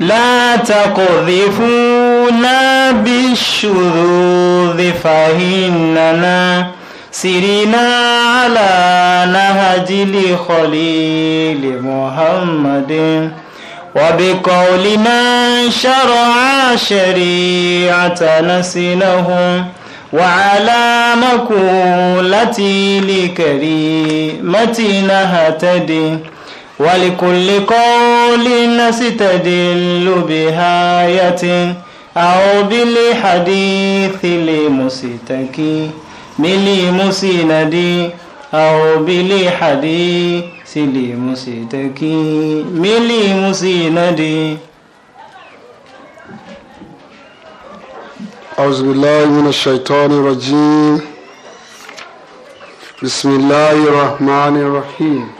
لا تقذفونا بالشذوذ فإننا سرنا على نهج لخليل محمد وبقولنا شرع شريعتنا سنهم وعلى مقولتي لكريمتنا هتدي ولكل قول نستدل بآية أو بالحديث لمستكي لمسند أو بالحديث لمستكي لمسند أعوذ بالله من الشيطان الرجيم بسم الله الرحمن الرحيم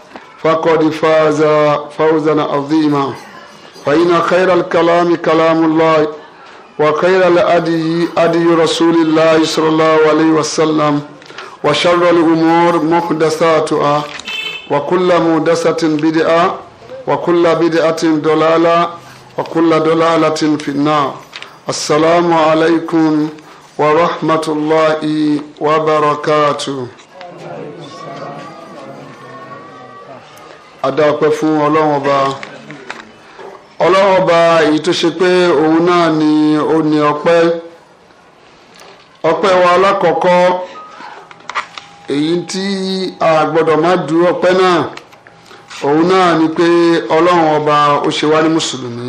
فقد فاز فوزا عظيما فإن خير الكلام كلام الله وخير الأدي أدي رسول الله صلى الله عليه وسلم وشر الأمور محدثاتها وكل محدثة بدعة وكل بدعة ضلالة وكل ضلالة في النار السلام عليكم ورحمة الله وبركاته adáwọ̀pẹ́ fún ọlọ́run ọba ọlọ́run ọba èyí tó ṣe pé òun náà ni ó ní ọpẹ́ ọpẹ́ wa alákọ̀ọ́kọ́ èyí tí a gbọ́dọ̀ má du ọpẹ́ náà òun náà ni pé ọlọ́run ọba ó ṣe wá ní mùsùlùmí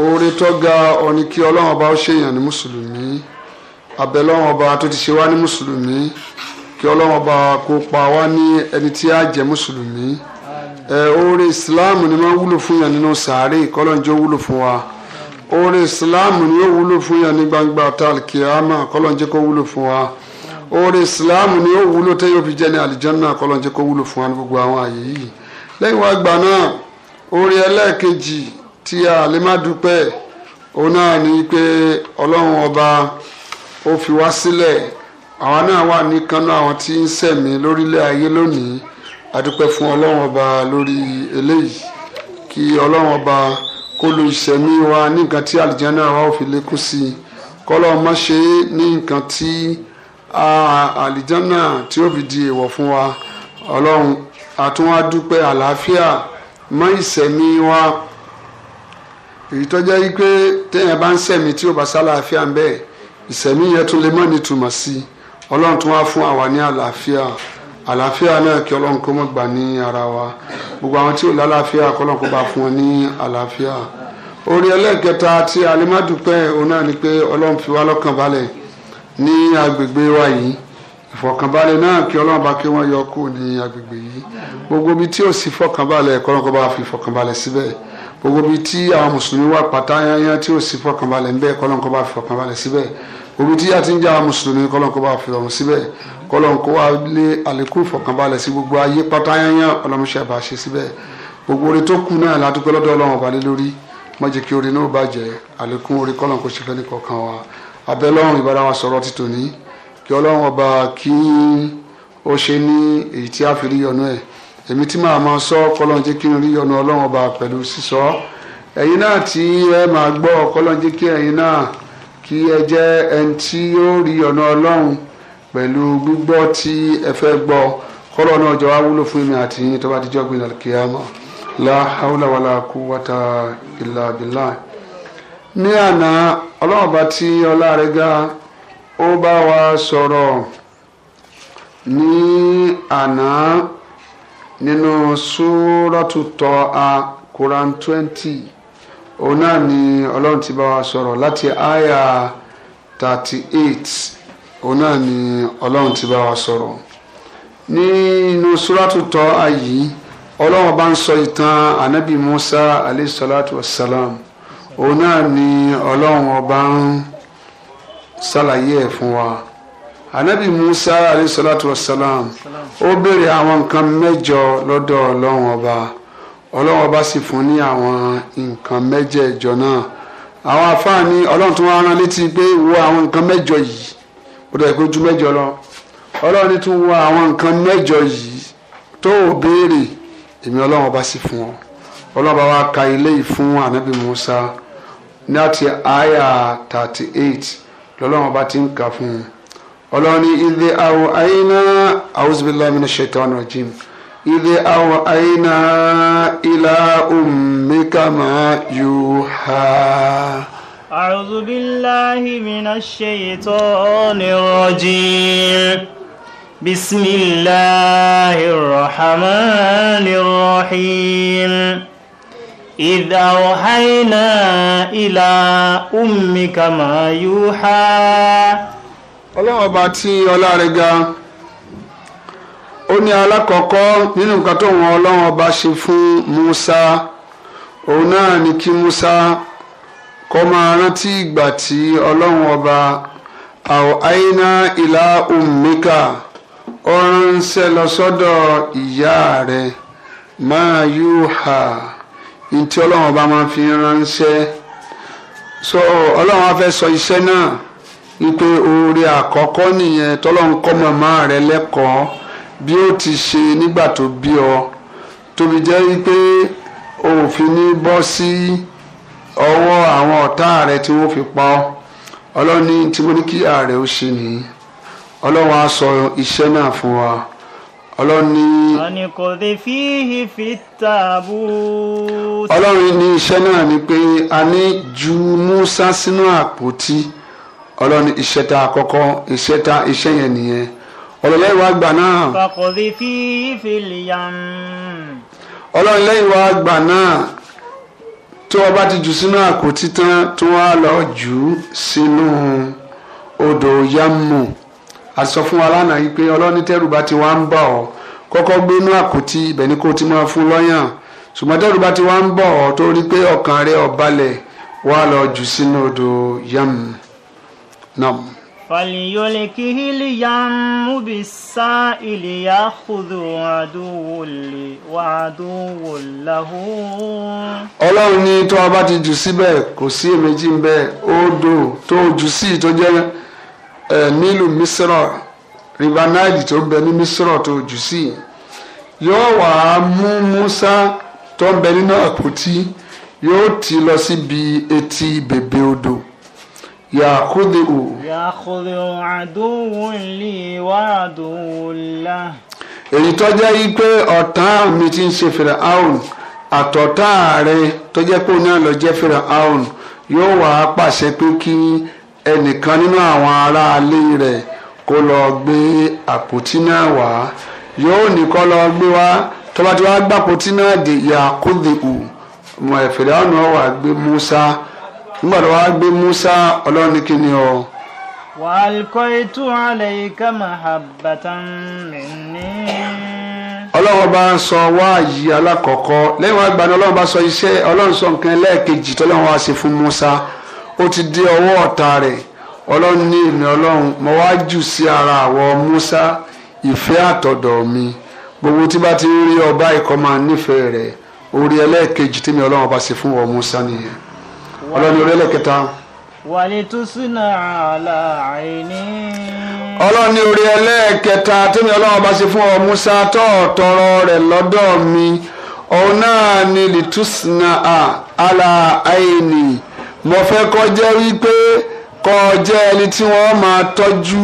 oore tó ga ọ̀ni kí ọlọ́run ọba ó ṣèyàn ní mùsùlùmí abẹ́lọ́run ọba tó ti ṣe wá ní mùsùlùmí kí ọlọ́run ọba kó pa wá ní ẹni tí a jẹ́ mùsùlùmí oore islam ni máa wúlò fún yàn nínú sàárè kọ́lọ́njọ́ wúlò fún wa oore islam ni yóò wúlò fún yàn ní gbangba talkiama kọ́lọ́njọ́ kó wúlò fún wa oore islam ni yóò wúlò tẹ́yọ̀ fi jẹ́ ní alijanna kọ́lọ́njọ́ kó wúlò fún wa ní gbogbo àwọn àyè yìí lẹ́yìn wá gbà náà oore ẹlẹ́ẹ̀kejì tí a má dúpẹ́ òun náà ni pé ọlọ́run ọba ó fi wá sílẹ̀ àwa náà wà ní kanú àwọn tí ń ṣẹ̀mí lórílẹ̀ ayé lónìí adúpẹ́ fún ọlọ́run ọba lórí eléyìí kí ọlọ́run ọba kó lo ìṣẹ̀mí wa ní nǹkan tí àlìjáná wa ò fi lékún sí i kọ́lọ́ má ṣe é ní nǹkan tí àlìjáná tí ó fi di èèwọ̀ fún wa ọlọ́run àtúnwá dúpẹ́ àlàáfíà mọ́ ìṣẹ̀mí wa èyí tó jẹ́ wípé téèyàn bá ń ṣẹ̀mí tí ó bá sálàáfíà ń bẹ́ẹ̀ ìṣẹ̀mí yẹn tún lè mọ́ nítumọ̀ sí i ọlọ́run tún wá fún àwa ní àlàáfíà àlàáfíà náà kí ọlọ́run kó mọ̀ gbà ní ara wa gbogbo àwọn tí ò lálàáfíà kọ́lọ́run kó bá fún wọn ní àlàáfíà orí ẹlẹ́ẹ̀kẹta tí alimadupẹ́ òun náà ni pé ọlọ́run fi wá lọ́kàn balẹ̀ ní agbègbè wa yìí ìfọ̀kànbalẹ̀ náà kí ọlọ́run bá kí wọ́n yọ kú ní agbègbè yìí gbogbo ibi tí ò sí fọ̀kànbalẹ̀ kọ́lọ́run kó bá fi fọ̀kànbalẹ̀ síbẹ̀ gbogbo ibi tí àwọn mùsùlùmí wà pátá òru tí a ti ń jáwa mùsùlùmí kọ́lọ́n kó bá fi ọ̀run síbẹ̀ kọ́lọ́n kó wá lé àlékún ìfọ̀kànbalẹ̀ sí gbogbo ayé pátá yányán ọlọ́múṣẹ́ bá ṣe síbẹ̀ gbogbo orin tó kù náà látúpẹ́ lọ́dọ̀ ọlọ́run ọba lé lórí má jẹ́ kí orin náà bàjẹ́ àlékún orin kọ́lọ́n kó ṣe fẹ́ nìkọ̀ọ̀kan wa abẹ́ lọ́run ìbára wa sọ̀rọ̀ ti tòní kí ọlọ́run ọba kí ó ṣe ní èyí tí a kí ẹ jẹ́ ẹni tí yóò rí ọ̀nà ọlọ́run pẹ̀lú gbígbọ́ tí ẹ fẹ́ gbọ́ kọ́lọ́ náà jọ wá wúlò fún mi àti yín tó bá ti jọ́ gbin alikiyama la hawla wala quwwata illa billah. ní àná ọlọ́run bá tí ọlá rẹ̀ ga ó bá wa sọ̀rọ̀ ní àná nínú súrọ́tù tọ́ a Quran twenty òun náà ni ọlọ́run ti bá wa sọ̀rọ̀ láti àyà thirty eight òun náà ni ọlọ́run ti bá wa sọ̀rọ̀ nínú súrátù tọ́ ayé ọlọ́run bá ń sọ ìtàn anabi musa alayhi salatu wa òun náà ni ọlọ́run ọba ń ṣàlàyé ẹ̀ fún wa anabi musa alayhi salatu wa salam ó béèrè àwọn nǹkan mẹ́jọ lọ́dọ̀ ọlọ́run ọba ọlọ́run bá sì fún ní àwọn nǹkan mẹ́jẹ̀ẹ̀jọ náà àwọn àfáà ní ọlọ́run tó wá rán létí pé wo àwọn nǹkan mẹ́jọ yìí ó dọ̀ pé ju mẹ́jọ lọ ọlọ́run ní tún wo àwọn nǹkan mẹ́jọ yìí tó o béèrè èmi ọlọ́run bá sì fún ọ ọlọ́run bá wá ka ilé yìí fún ànábì Musa ní àyà thirty eight lọ́lọ́run bá ti ń kà fún un ọlọ́run ní ilé àwọn àyínà auzubillahi minash shaitani rajim. إذ أوحينا إلى أمك ما يوحى أعوذ بالله من الشيطان الرجيم بسم الله الرحمن الرحيم إذ أوحينا إلى أمك ما يوحى ọlọ́run ọba tí ọlá ó ní alákọ̀ọ́kọ́ nínú nǹkan tó wọn ọlọ́run ọba ṣe fún Musa òun náà ni kí Musa kó máa rántí ìgbà tí ọlọ́run ọba àwọn àìná ìlà òmìnira ó ránṣẹ́ lọ sọ́dọ̀ ìyá rẹ̀ máa yú ha ní tí ọlọ́run ọba máa fi ránṣẹ́ so ọlọ́run á fẹ́ sọ iṣẹ́ náà wípé oore àkọ́kọ́ nìyẹn tọ́lọ́run kọ́ màmá rẹ̀ lẹ́kọ̀ọ́ bí ó ti ṣe nígbà tó bí ọ tóbi jẹ́ wípé òfin ní bọ́ sí ọwọ́ àwọn ọ̀tá rẹ tí wọ́n fi pa ọ́ ọlọ́run ní tí mo ní kí ààrẹ ó ṣe nìyí ọlọ́run á iṣẹ́ náà fún wa ọlọ́run ní. ọ̀nìkòdè fíhì fi tààbù. ọlọ́run ní iṣẹ́ náà ni pé a ní ju Musa sínú àpótí ọlọ́run iṣẹ́ tá a iṣẹ́ tá iṣẹ́ yẹn nìyẹn ọ̀rọ̀ lẹ́yìn wá gbà náà. fàkọ̀dé fi ìfìlì yàn. ọlọ́run lẹ́yìn wá gbà náà tó o bá ti jù sínú àkótí tán tó wá lọ jù ú sínú odò yamu àsọ fún wa lánàá yìí pé ọlọ́run tẹ́rù bá ti wá ń bọ̀ ọ́ kọ́kọ́ gbé inú àkótí ibẹ̀ ni kó o ti máa fún lọ́yàn ṣùgbọ́n tẹ́rù bá ti wá ń bọ̀ ọ́ tó pé ọkàn rẹ̀ ò balẹ̀ wá lọ jù sínú odò yamu náà. فليلكه اليم بالسائل ياخذ عدو لي وعدو له. ọlọ́run ní tó a bá ti jù síbẹ̀ kò sí èméjì ń bẹ́ẹ̀ ó dò tó jù sí tó jẹ́ nílùú misra river nile tó ń bẹ ní misra tó jù sí yóò wá mú musa tó ń bẹ nínú àpótí yóò ti lọ síbi etí bèbè odò. ياخذه ياخذه عدو لي وعدو له èyí tó jẹ́ yí pé ọ̀tá mi ti ń ṣe Firaun àtọ̀tá rẹ̀ tó jẹ́ pé òun náà lọ jẹ́ Firaun yóò wá pàṣẹ pé kí ẹnìkan nínú àwọn aráalé rẹ̀ kó lọ gbé àpótí náà wá yóò ní kó lọ gbé wá tó bá ti wá gbàpótí náà dé yàkúndìkù Firaun wá gbé Musa nígbà tó wàá gbé Musa ọlọ́run ní kíni o. wa alqaitu alayka mahabbatan minni. ọlọ́run bá ń sọ wáàyí alákọ̀ọ́kọ́ lẹ́yìn wàá gbani ọlọ́run bá sọ iṣẹ́ ọlọ́run sọ nǹkan ẹlẹ́ẹ̀kejì tọ́lọ́run wá ṣe fún Musa ó ti dé ọwọ́ ọ̀tá rẹ̀ ọlọ́run ní ìmì ọlọ́run mo wá jù sí ara àwọ̀ Musa ìfẹ́ àtọ̀dọ̀ mi gbogbo tí bá ti rí ọba ìkọ́ máa nífẹ̀ẹ́ rẹ̀ orí ẹlẹ́ẹ̀kejì tí mi ọlọ́run bá ṣe fún ọ Musa nìyẹn ọlọ́ni orí ẹlẹ́kẹta. wàlẹ̀ tó sínú àlà àìní. ọlọ́ni orí ẹlẹ́kẹta tẹ́mi ọlọ́run bá ṣe fún ọ Musa tó tọrọ rẹ̀ lọ́dọ̀ mi òun náà ni lìtúsínà àlà àìní mo fẹ́ kó jẹ́ wípé kó jẹ́ ẹni tí wọ́n máa tọ́jú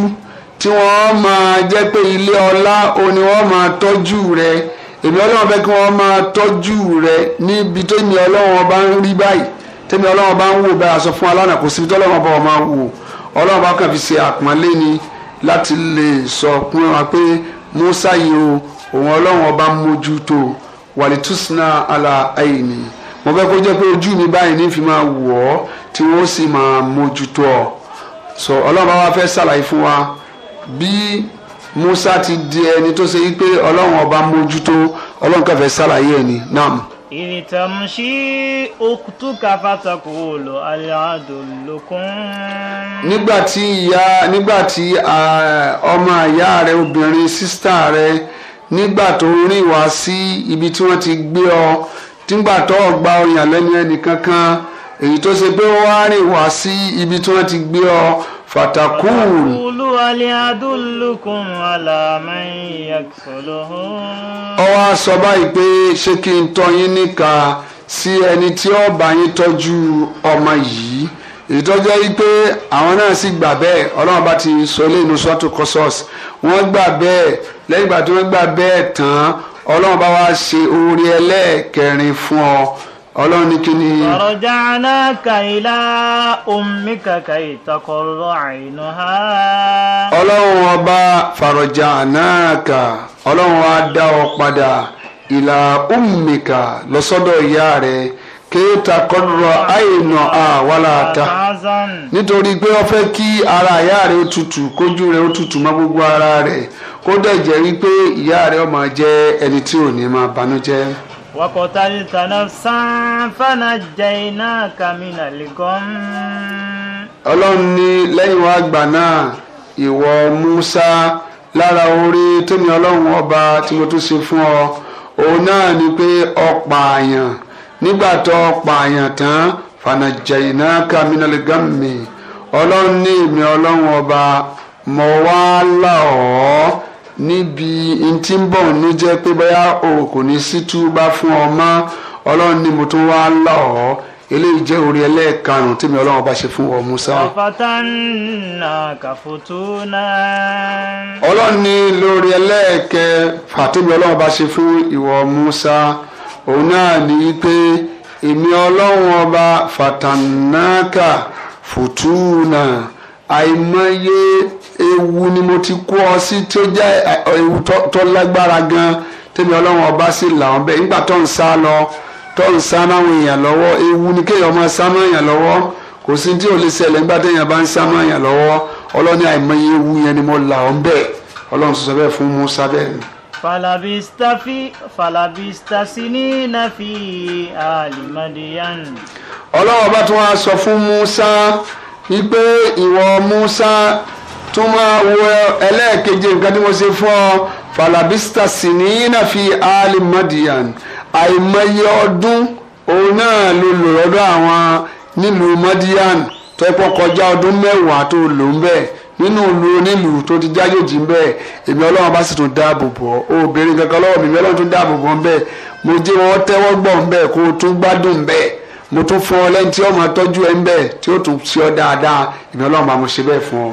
tí wọ́n máa jẹ́ pé ilé ọlá òun ni wọ́n máa tọ́jú rẹ̀ èmi ọlọ́run fẹ́ kí wọ́n máa tọ́jú rẹ̀ níbi tó ìmì ọlọ́run ọba ń rí báyìí tẹ́mi ọlọ́run bá ń wò bẹ́ẹ̀ aṣọ fún alánà kò síbi tí ọlọ́run bá wọn máa wò ọlọ́run bá kàn fi ṣe àpọ́nlé ni láti lè sọ fún wa pé Musa yìí o òun ọlọ́run ọba ń mójútó wàlítúsínà àlà àìní mo fẹ́ kó jẹ́ pé ojú mi báyìí ní fi máa wò ọ́ tí wọ́n sì máa mójútó ọ so ọlọ́run bá wa fẹ́ ṣàlàyé fún wa bí Musa ti di ẹni tó ṣe wípé ọlọ́run ọba mójútó ọlọ́run kẹfẹ́ ṣàlàyé ẹni náà. إذ تمشي أختك فتقول العدلكم nígbà tí ìyá nígbà tí ọmọ ìyá rẹ obìnrin sísítà rẹ nígbà tó rìn wá sí ibi tí wọ́n ti gbé ọ nígbà tó gba ọyàn lẹ́nu ẹnìkankan èyí tó fatakun. Kulu aliadulukum alamai yaksoloho. Ó wá sọ báyìí pé ṣé kí n tọ́ yín níka sí ẹni tí ó bá yín tọ́jú ọmọ yìí ìtọ́jú yìí pé àwọn náà sì gbà bẹ́ẹ̀ ọlọ́run bá ti sọ ilé sọ́tò kọ́sọ́ọ̀s wọ́n gbà bẹ́ẹ̀ lẹ́yìn ìgbà tí wọ́n gbà bẹ́ẹ̀ tán ọlọ́run bá wá ṣe oore ẹlẹ́ẹ̀kẹrin fún ọ ọlọ́run ní kí ni. ọ̀rọ̀jàna kàìlá ummika kàì tọkọrọ àìnú ha. ọlọ́run ọba fàrọ̀jàna kà ọlọ́run á dá ọ padà ìlà ummika lọ́sọ́dọ̀ ìyá rẹ̀ kéèta kọ́dọ̀rọ̀ àìnà àwàláta nítorí pé ọ fẹ́ kí ara ìyá rẹ̀ ó tutù kójú rẹ̀ ó tutù mọ́ gbogbo ara rẹ̀ kó dẹ̀ jẹ́ wípé ìyá rẹ̀ ó jẹ́ ẹni tí ò ní máa banújẹ́. وقتلت نفسا فنجيناك من الغم ọlọ́run ní lẹ́yìn wá gbà náà ìwọ Musa lára orí tèmi ọlọ́run ọba tí mo tún ṣe fún ọ òun náà ni pé ó pààyàn nígbà tó ó pààyàn tán fanajainaka minal gammi ọlọ́run ní èmi ọlọ́run ọba mo wá là ọ́ níbi ntí ń bọ̀ ní jẹ́ pé bóyá o ní sí túbá fún ọ mọ́ ọlọ́run ni mo tún wá là ọ́ eléyìí jẹ́ orí ẹlẹ́ẹ̀karùn tí mi ọlọ́run bá ṣe fún ọ Musa. ọlọ́run ní lórí ẹlẹ́ẹ̀kẹ́ fàtẹ́mi ọlọ́run bá ṣe fún ìwọ Musa òun náà ní pé èmi ọlọ́run ọba fàtànáàkà fùtúùnà àìmọye ewu ni mo ti kó ọ sí tí ó jẹ́ eh, ewu tó lágbára gan tèmi ọlọ́run ọba sì là wọn bẹ́ẹ̀ nígbà tó ń sá lọ tó ń sá máwọn èèyàn lọ́wọ́ ewu ni kéèyàn máa sá máwọn èèyàn lọ́wọ́ kò sí tí ò lè ṣẹlẹ̀ nígbà téèyàn bá ń sá máwọn èèyàn lọ́wọ́ ọlọ́ni àìmọye ewu yẹn ni mo là wọn bẹ́ẹ̀ ọlọ́run sọ bẹ́ẹ̀ fún Musa bẹ́ẹ̀ ni falabista fi falabista sinina fi alimadiyan. ọlọ́wọ́ bá tún wá sọ fún Musa wípé ìwọ Musa tún máa wo ẹlẹ́ẹ̀keje nǹkan tí mo ṣe fún ọ falabista sinina fi ali madian àìmọye ọdún òun náà ló lò lọ́dọ̀ àwọn nílùú madian tó pọ̀ kọjá ọdún mẹ́wàá tó lò ń bẹ́ẹ̀ nínú ìlú onílùú tó ti jájòjì ń bẹ́ẹ̀ èmi ọlọ́run bá sì tún dáàbò bọ̀ ọ́ obìnrin kankan lọ́wọ́ mi ọlọ́run tún dáàbò bọ̀ ń bẹ́ẹ̀ mo jẹ́ wọn tẹ́wọ́ gbọ̀ ń bẹ́ẹ̀ kó o tún gbádùn ń bẹ́ẹ̀ mo tún fún ọ lẹ́ni tí ó máa tọ́jú ẹ ń bẹ́ẹ̀ tí ó tún ṣe ọ dáadáa èmi ọlọ́run bá mo ṣe bẹ́ẹ̀ fún ọ.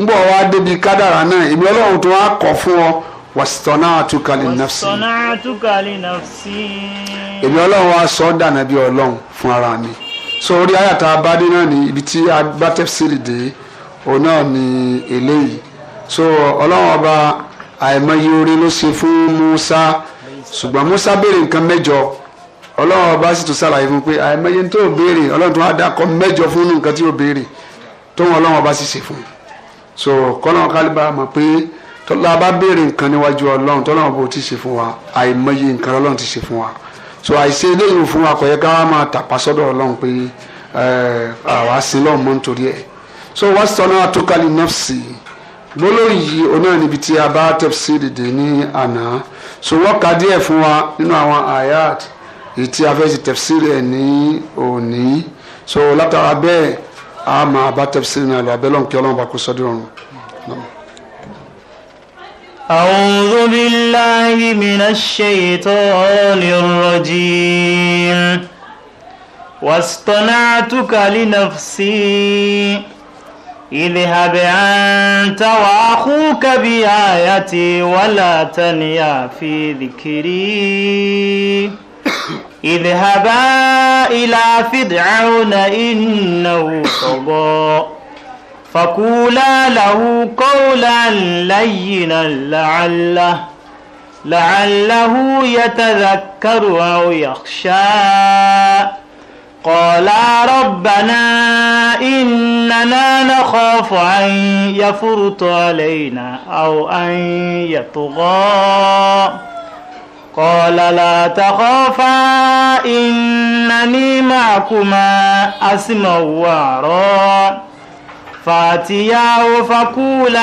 ngbọ wa débi kádàrá náà èmi ọlọ́run tó wá kọ fún ọ wàsítọ́nà àtúkàlì nàfsì. wàsítọ́nà àtúkàlì wa sọ dànà bí ọlọ́run fún ara mi. so orí ayàtà abadé náà ni ibi tí agbátẹ́sílì dé òun náà ni eléyìí. so ọlọ́run ọba àìmọye orí ló ṣe fún Musa ṣùgbọ́n Musa béèrè nǹkan mẹ́jọ ọlọ́run ọba sì tún ṣàlàyé fún pé àìmọye tó béèrè ọlọ́run tó wá dákọ̀ mẹ́jọ fún nǹkan tí ó béèrè tó ọlọ́run ọba sì ṣe fún un so kọ́lọ́n kálíbà mọ̀ pé tọ́lá bá béèrè nǹkan níwájú ọlọ́run tọ́lọ́run bó ti ṣe fún wa àìmọye nǹkan ọlọ́run ti ṣe fún wa so àìṣe eléyìí fún wa kò yẹ ká máa tàpá sọ́dọ̀ ọlọ́run pé àwa sin lọ́run mọ́ nítorí ẹ̀ so wá sọ̀nà àtúkálí nọ́ọ̀sì gbólóhùn yìí onáà níbi tí a bá tẹ̀sí dìde ní àná so wọ́n ka díẹ̀ fún wa nínú àwọn àyàt èyí tí a fẹ́ ti tẹ̀sí rẹ̀ ní òní so látara bẹ́ẹ̀ a máa bá tafsir náà lọ abẹ́lẹ́ òǹkẹ́ ọlọ́run bá kó sọ́dún ọ̀run. أعوذ بالله من الشيطان الرجيم واصطنعتك لنفسي اذهب أنت وأخوك بآيتي ولا تنيا في ذكري اذهبا إلى فرعون إنه طغى فقولا له قولا لينا لعله لعله يتذكر أو يخشى قالا ربنا إننا نخاف أن يفرط علينا أو أن يطغى قال لا تخافا إنني معكما أسمع وأرى فاتياه فقولا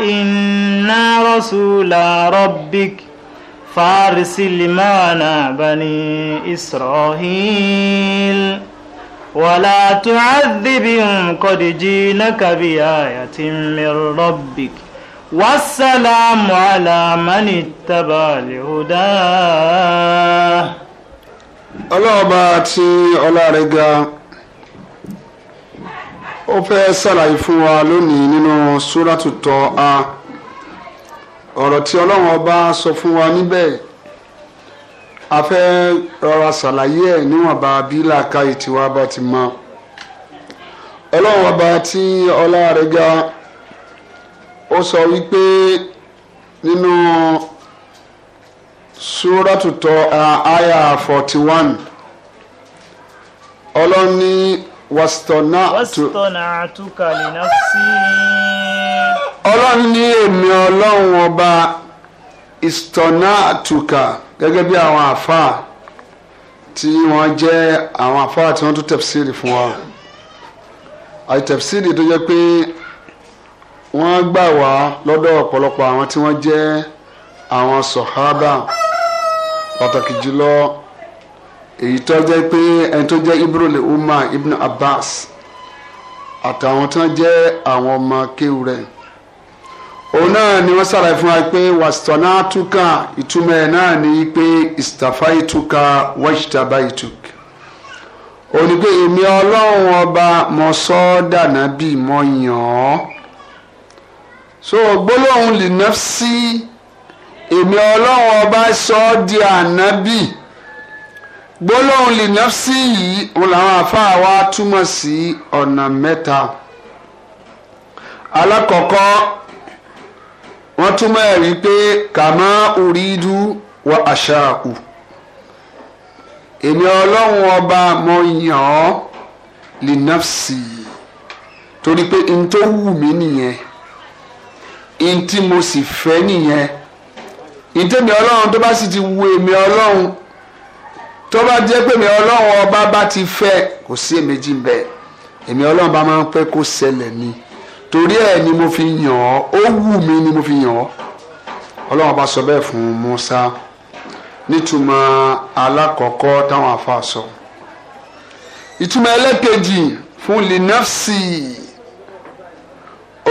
إنا رسول ربك فارسل معنا بني إسرائيل ولا تعذبهم قد جينك بآية من ربك والسلام على من اتبع الهدى ọlọ́ọ̀bá tí ọlá rẹ̀ ga ó fẹ́ ṣàlàyé fún wa lónìí nínú súrátù Tọ́ha ọ̀rọ̀ tí ọlọ́run ọba sọ fún wa níbẹ̀ a fẹ́ rọra ṣàlàyé ẹ̀ níwọ̀nba bí làákàyè tiwa bá ti mọ ọlọ́run ọba tí ọlá rẹ̀ ga ó sọ wípé nínú sura tọ́ àyà forty one ọlọ́ni wàsítọ́nà tó ọlọ́run ní èmi ọlọ́run ọba ìsítọ́nà àtùkà gẹ́gẹ́ bí àwọn àfáà tí wọ́n jẹ́ àwọn àfáà tí wọ́n tún tẹ̀fsíìrì fún wa àti tẹ̀fsíìrì tó jẹ́ pé wọ́n gbà wá lọ́dọ̀ ọ̀pọ̀lọpọ̀ àwọn tí wọ́n jẹ́ àwọn sọ̀hábà pàtàkì jùlọ èyí tó jẹ́ pé ẹni tó jẹ́ ibro le umma ibn abbas àtàwọn tí wọ́n jẹ́ àwọn ọmọ kéwù rẹ̀ òun náà ni wọ́n ṣàlàyé fún wa pé wàsítọ́nà túkà ìtumọ̀ ẹ̀ náà ni pé ìsìtàfà ìtúkà wáṣítàbà ìtúkà òun ni pé èmi ọlọ́run ọba mọ̀ sọ́ọ́ dànàbì mọ̀ yàn án so gbólóhùn lìnàfsí èmi ọlọ́run ọba sọ ọ́ di ànábì gbólóhùn lìnàfsí yìí òun làwọn àfáà wa túmọ̀ sí ọ̀nà mẹ́ta alákọ̀ọ́kọ́ wọ́n túmọ̀ ẹ̀ wípé kàmá uridu wa àṣàkù èmi ọlọ́run ọba mo yàn ọ́ lìnàfsí torí pé n tó wù mí nìyẹn ntí mo sì fẹ́ nìyẹn ntẹ́mi ọlọ́run tó bá sì ti wu èmi ọlọ́run tó bá jẹ́ pé èmi ọlọ́run ọba bá ti fẹ́ kò sí èméjì bẹ́ẹ̀ èmi ọlọ́run bá máa ń pẹ́ kó ṣẹlẹ̀ ni torí ẹ̀ ni mo fi yàn ọ́ ó wù mí ni mo fi yàn ọ́ ọlọ́run bá sọ bẹ́ẹ̀ fún Musa nítumọ̀ alákọ̀ọ́kọ́ táwọn afa sọ ìtumọ̀ ẹlẹ́kejì fún linafsi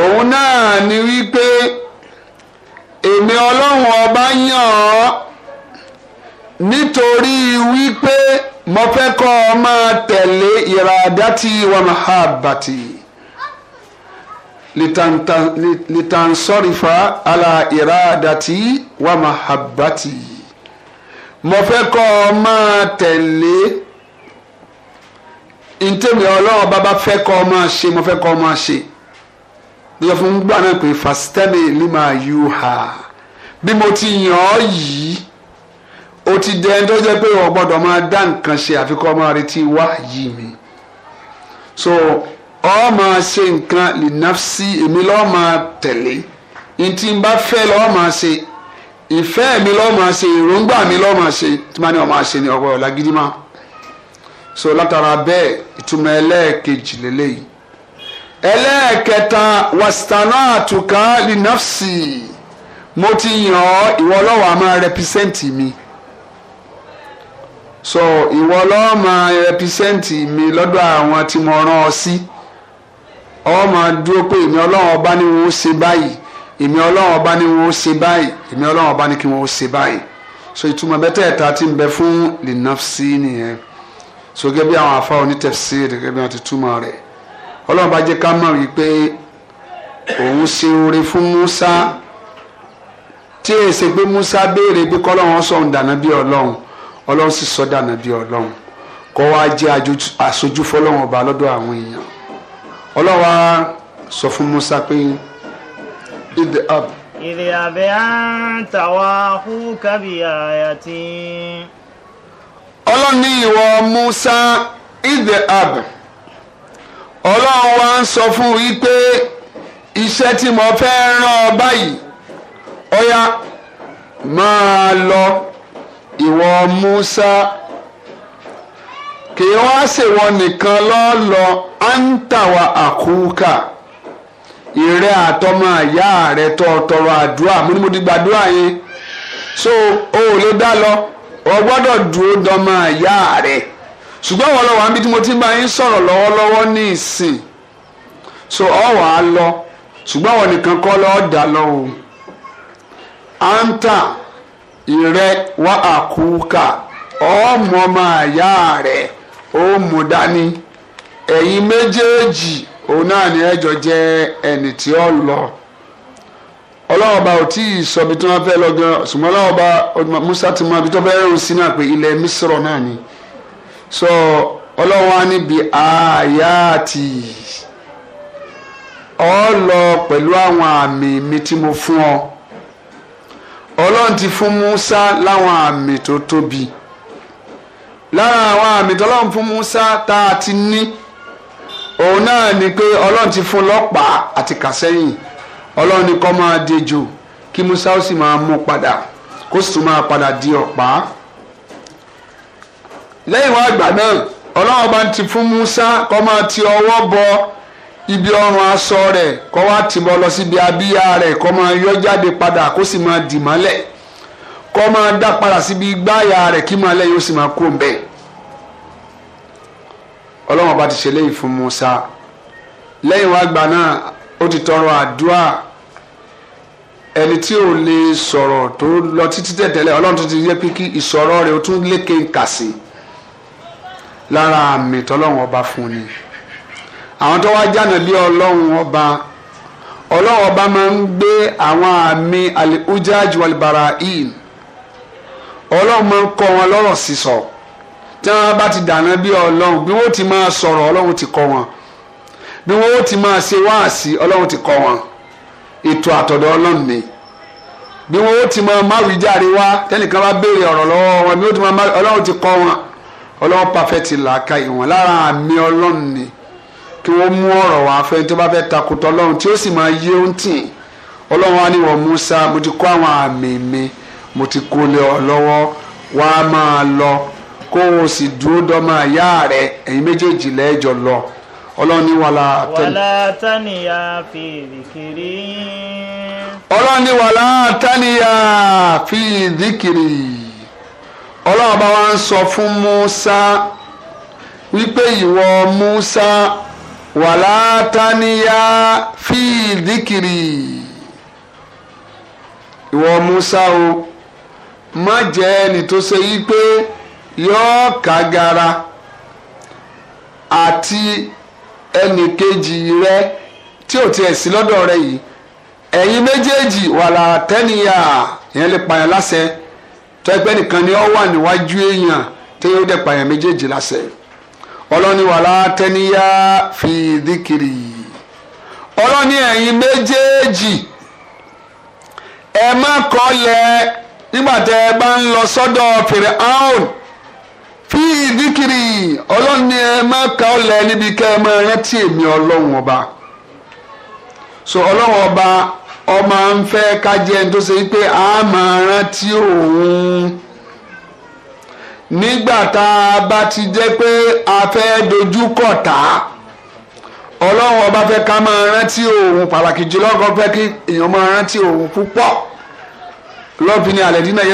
òun náà ni wípé èmi ọlọ́run ọba yàn ọ́ nítorí wípé mo fẹ́ kọ́ ọ máa tẹ̀lé ìràdátì wa mahabbati litansọ́rìfà ala iradati wa mahabati mo fẹ́ kọ́ ọ máa tẹ̀lé ntẹ̀mí ọlọ́run bàbá fẹ́ kọ́ ọ máa ṣe mo fẹ́ kọ́ ọ máa ṣe lọ́jọ́ fún gbà náà pé fàsítẹ́mì lima yóò hà bí mo ti yàn ọ́ yìí ó ti dẹ ẹni tó jẹ́ pé o gbọ́dọ̀ máa dá nǹkan ṣe àfikọ́ máa retí wáyé mi so ọ máa ṣe nǹkan lè nafsi èmi lọ́ọ́ máa tẹ̀lé ntí n bá fẹ́ lọ́ọ́ máa ṣe ìfẹ́ mi lọ́ọ́ máa ṣe èròǹgbà mi lọ́ọ́ máa ṣe tí máa ní ọ máa ṣe ní ọgbọ́n ọ̀la gidi ma so látara bẹ́ẹ̀ ìtumọ̀ ẹlẹ́ẹ̀kejì lélẹ́yìí ẹlẹ́ẹ̀kẹta wàsítánà àtùkà linafsi mo ti yàn ọ́ ìwọ ọlọ́wọ́ a máa rẹpísẹ́ǹtì mi so ìwọ ọlọ́wọ́ máa rẹpísẹ́ǹtì mi lọ́dọ̀ àwọn tí mo rán ọ sí ọ máa dúró pé èmi ọlọ́wọ́ ọba ni wọ́n ṣe báyìí èmi ọlọ́wọ́ ọba ni wọ́n ṣe báyìí èmi ọlọ́wọ́ ọba ni kí wọ́n ṣe báyìí so ìtumọ̀ mẹ́tẹ̀ẹ̀ta ti ń bẹ fún linafsi nìyẹn so gẹ́gẹ́ bí àwọn afa onítẹ̀sí gẹ́gẹ́ bí wọ́n ti túmọ̀ rẹ̀ ọlọ́run bá jẹ́ ká mọ̀ wípé òun ṣe oore fún Musa tí èyí ṣe pé Musa béèrè pé kọ́lọ́run sọ òun dànù bí ọlọ́run ọlọ́run sì sọ dànù bí ọlọ́run kọ́ wa jẹ́ aṣojú fọlọ́run ọba lọ́dọ̀ àwọn èèyàn ọlọ́run sọ fún Musa pé id ab. ìdè àbẹ̀ á ń tàwa kú kábíyà àyàtì. ọlọ́run ní ìwọ Musa id ab ọlọ́run wa ń sọ fún wípé iṣẹ́ tí mo fẹ́ rán ọ báyìí ọ̀ya máa lọ ìwọ Musa kì í wá ṣèwọ nìkan lọ́ọ́lọ́ antawa akuka ìrẹ́ àtọmọ àyá rẹ tọ̀tọ̀rọ̀ àdúrà mo ní mo ti gbàdúrà yẹn so o ò lè dá lọ o gbọ́dọ̀ dúró dánmọ àyá rẹ ṣùgbọ́n àwọn ọlọ́wà ń bí tí mo ti ń sọ̀rọ̀ lọ́wọ́lọ́wọ́ ní ìsìn so ọ̀wà á lọ ṣùgbọ́n àwọn nìkan kọ́ lọ́ọ́ dà lọ́wọ́ anta ìrẹ wà àkúkà ọmọ ọmọ àyá rẹ ó mú dání ẹ̀yin méjèèjì òun náà ni ẹjọ jẹ ẹni tí ó lọ ọlọ́ọ̀ba ò tí ì sọ ibi tí wọ́n fẹ́ lọ gan ṣùgbọ́n ọlọ́ọ̀ba Musa ti mọ ibi tó fẹ́ rún sí náà pé ilẹ̀ Mísírọ̀ náà ni so ọlọ́wọ́n á níbi àyàtì ọ lọ pẹ̀lú àwọn àmì mi tí mo fún ọ ọlọ́run ti fún Musa láwọn àmì tó tóbi lára àwọn àmì tọ́lọ́run fún Musa tá a ti ní òun náà ni pé ọlọ́run ti fún lọ́pàá àti kàsẹ́yìn ọlọ́run ni kó máa dejò kí Musa ó sì máa mú padà kó sì tún máa padà di ọ̀pá lẹ́yìn wá àgbà náà ọlọ́run bá ń ti fún Musa kó máa ti ọwọ́ bọ ibi ọrùn aṣọ rẹ̀ kó wá ti bọ́ lọ síbi abíyá rẹ̀ kó máa yọ jáde padà kó sì máa dì mọ́lẹ̀ kó máa dá padà síbi gbáyà rẹ̀ kí máa lẹ́yìn ó sì máa kó ń bẹ̀. ọlọ́run bá ti ṣe léyìí fún Musa lẹ́yìn wá àgbà náà ó ti tọrọ àdúrà ẹni tí ò lè sọ̀rọ̀ tó lọ títí tẹ̀tẹ̀lẹ̀ ọlọ́run tó ti yẹ pé kí ìsọ̀rọ̀ rẹ̀ ó tún lékè ń kà sí i lára àmì tọ́lọ́run ọba fún ni àwọn tó wá jáná lé ọlọ́run ọba ọlọ́run ọba máa ń gbé àwọn àmì alihujaj walibara in ọlọ́run máa ń kọ́ wọn lọ́rọ̀ sísọ tí wọ́n bá ti dàná bí ọlọ́run bí wọ́n ti máa sọ̀rọ̀ ọlọ́run ti kọ́ wọn bí wọ́n ti máa ṣe wáàsí ọlọ́run ti kọ́ wọn ètò àtọ̀dọ̀ ọlọ́run ni bí wọ́n ti máa máwìí wá tẹ́nìkan bá béèrè ọ̀rọ̀ lọ́wọ́ wọn bí wọ́n ti máa ọlọ́run ti kọ́ wọn ọlọ́run pàfẹ́tì làákà ìwọ̀n lára àmì ọlọ́run ni kí wọ́n mú ọ̀rọ̀ wá fẹ́ tó bá fẹ́ takùtọ̀ ọlọ́run tí ó sì máa yé ó ń tì ọlọ́run wa ni wọ́n Musa mo ti kó àwọn àmì mi mo ti kó lé ọ lọ́wọ́ wá máa lọ kó o sì dúró dọ́mọ ìyá rẹ ẹ̀yin méjèèjì lẹ́ẹ̀jọ lọ ọlọ́run ní wàlá tẹ́ni. fi ìdíkiri. ọlọ́run ní wàlá tánìyà fi ìdíkiri ọlọ́run bá wá ń sọ fún Musa wípé ìwọ Musa wàlá tániyá fíìdíkìrì ìwọ Musa o má jẹ́ ẹni tó ṣe yí pé yọ́ọ́ kagara àti ẹnì kejì rẹ tí ò tiẹ̀ sí lọ́dọ̀ rẹ yìí ẹ̀yin méjèèjì wàlá tániyá lè pààyàn láṣẹ tẹ́gbẹ́ nìkan ni ọ wà níwájú èèyàn tẹ́yẹ ó dẹ̀ pààyàn méjèèjì lásẹ̀ ọlọ́ni wàlá tẹ́níyà fi díkiri ọlọ́ni ẹ̀yin méjèèjì ẹ má kọ́lẹ̀ nígbà tẹ́ ẹ bá ń lọ sọ́dọ̀ fèrè áhùn fi díkiri ọlọ́ni ẹ má kọ́lẹ̀ níbi kẹ́ ẹ má rántí èmi ọlọ́run ọba so ọlọ́run ọba. ọ máa ń fẹ́ ká jẹ́ tó ṣe pé a máa rántí òun nígbà tá a bá ti jẹ́ pé a fẹ́ dojú kọ̀ tá ọlọ́run ọba fẹ́ ká máa rántí òun pàtàkì jùlọ kan fẹ́ kí èèyàn máa rántí òun púpọ̀ lọ́bìn ní alẹ́ dínà náà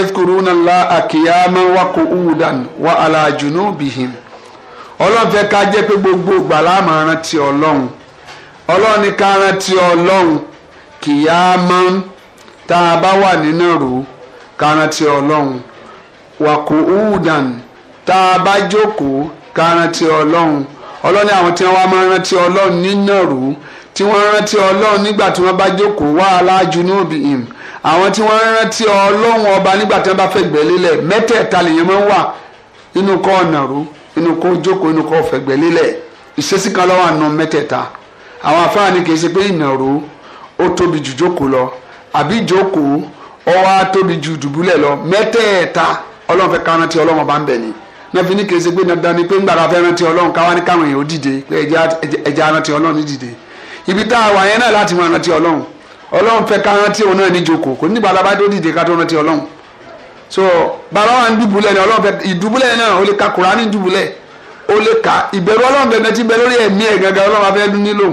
la gbogbo máa rántí ọlọ́run ọlọ́run ká kìyàmọ́ tá a bá wà nínú ẹ̀rù kárántì ọlọ́run wàkó húdàn tá a bá jókòó kárántì ọlọ́run ọlọ́ni àwọn tí wọ́n máa rántí ọlọ́run nínú ẹ̀rù tí wọ́n rántí ọlọ́run nígbà tí wọ́n bá jókòó wá aláàjù náà bí im àwọn tí wọ́n rántí ọlọ́run ọba nígbà tí wọ́n bá fẹ́ gbẹ̀lélẹ̀ mẹ́tẹ̀ẹ̀ta lèyẹn máa ń wà inú kọ́ ọ̀nàrú inú kọ́ jókòó inú kọ́ ọ̀fẹ́ gbẹ̀lélẹ̀ ìṣesí kan lọ́wọ́ àna mẹ́tẹ̀ẹ̀ta àwọn afáàní kì í ṣe pé ìnàrú ó tóbi jù jókòó lọ àbí jókòó ó wá tóbi jù dùbúlẹ̀ lọ mẹ́tẹ̀ẹ̀ta ọlọ́run fẹ́ ká rántí ọlọ́run bá ń bẹ̀ ni nàfi ní kèsì pé dandan ni pé ńgbàdá fẹ́ rántí ọlọ́run káwá ní káwọn èèyàn ó dìde pé ẹja rántí ọlọ́run ní dìde ibi tá a wà yẹn náà láti máa rántí ọlọ́run ọlọ́run fẹ́ ká rántí òun náà ní jókòó kò nígbà tá tó dìde ká tó rántí ọlọ́run so bàbá wa ń dùbúlẹ̀ ni ọlọ́run fẹ́ ìdùbúlẹ̀ náà ó lè ka Kùránì dùbúlẹ̀ ó lè ka ìbẹ̀rù ọlọ́run bẹ̀rẹ̀ ti bẹ lórí ẹ̀mí ẹ̀ gẹ́gẹ́ ọlọ́run afẹ́ nílò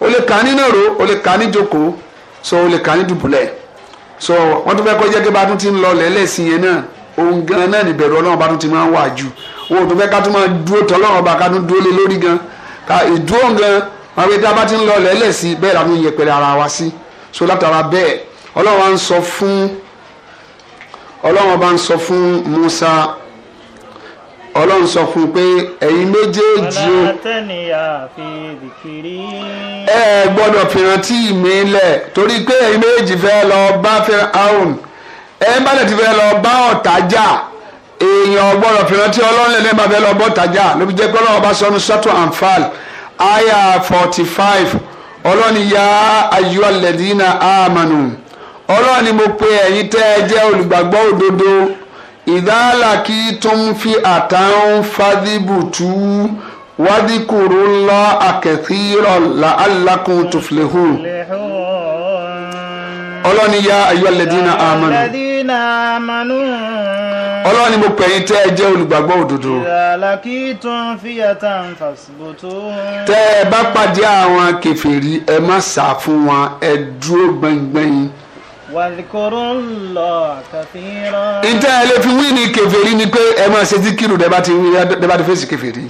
o lè kà ní nàró o lè kà ní jókòó so o lè kà ní dùbúlẹ̀ so wọ́n tún fẹ́ kó jẹ́ pé bá tún ti ń lọ lẹ́lẹ́sìn yẹn náà òun gan náà níbẹ̀rù ọlọ́run bá tún ti máa ń wà jù wọn ò tún fẹ́ ká tún máa dúró tọ́ ọlọ́run bá ká tún dúró lé lórí gan ká ìdúró gan wọn pé tá bá ti ń lọ lẹ́lẹ́sìn bẹ́ẹ̀ la tún yẹpẹrẹ ara wa sí so látara bẹ́ẹ̀ ọlọ́run wa ń sọ fún ọlọ́run bá ń sọ fún Musa ọlọ́run sọ fún un pé ẹ̀yin méjèèjì o ẹ gbọ́dọ̀ fìrántí mi lẹ̀ torí pé ẹ̀yin méjèèjì fẹ́ lọ bá Fáráò ẹ bá lè ti fẹ́ lọ bá ọ̀tá jà èèyàn gbọ́dọ̀ fìrántí ọlọ́run lẹ́nu bá fẹ́ lọ bá ọ̀tá jà ló jẹ́ pé ọlọ́run bá sọnù sọ́tò Anfal aya forty five ọlọ́run ya ayọ́ alẹ́dínà àmànù ọlọ́run ni mo pe ẹ̀yin tẹ́ ẹ jẹ́ olùgbàgbọ́ òdodo ìdálàkì tó ń fi àtàwọn fadíbùtú wádìkúrú lọ àkẹtìrọ làálàkùn tùfìlẹ̀hù. ọlọ́ni ya ayyalladina amanu. ọlọ́ni mo pẹ̀yìn tẹ́ ẹ jẹ́ olùgbàgbọ́ òdodo. ìdálàkì tó ń fi àtàwọn fàṣibùtú. tẹ́ ẹ bá pàdé àwọn kèfèrí ẹ má sá fún wọn ẹ dúró gbẹngbẹ́yìn ìtẹ́ ẹ lè fi wí ní kèfèrí ni pé ẹ máa ṣe díkìrù dẹ bá ti fèsì kèfèrí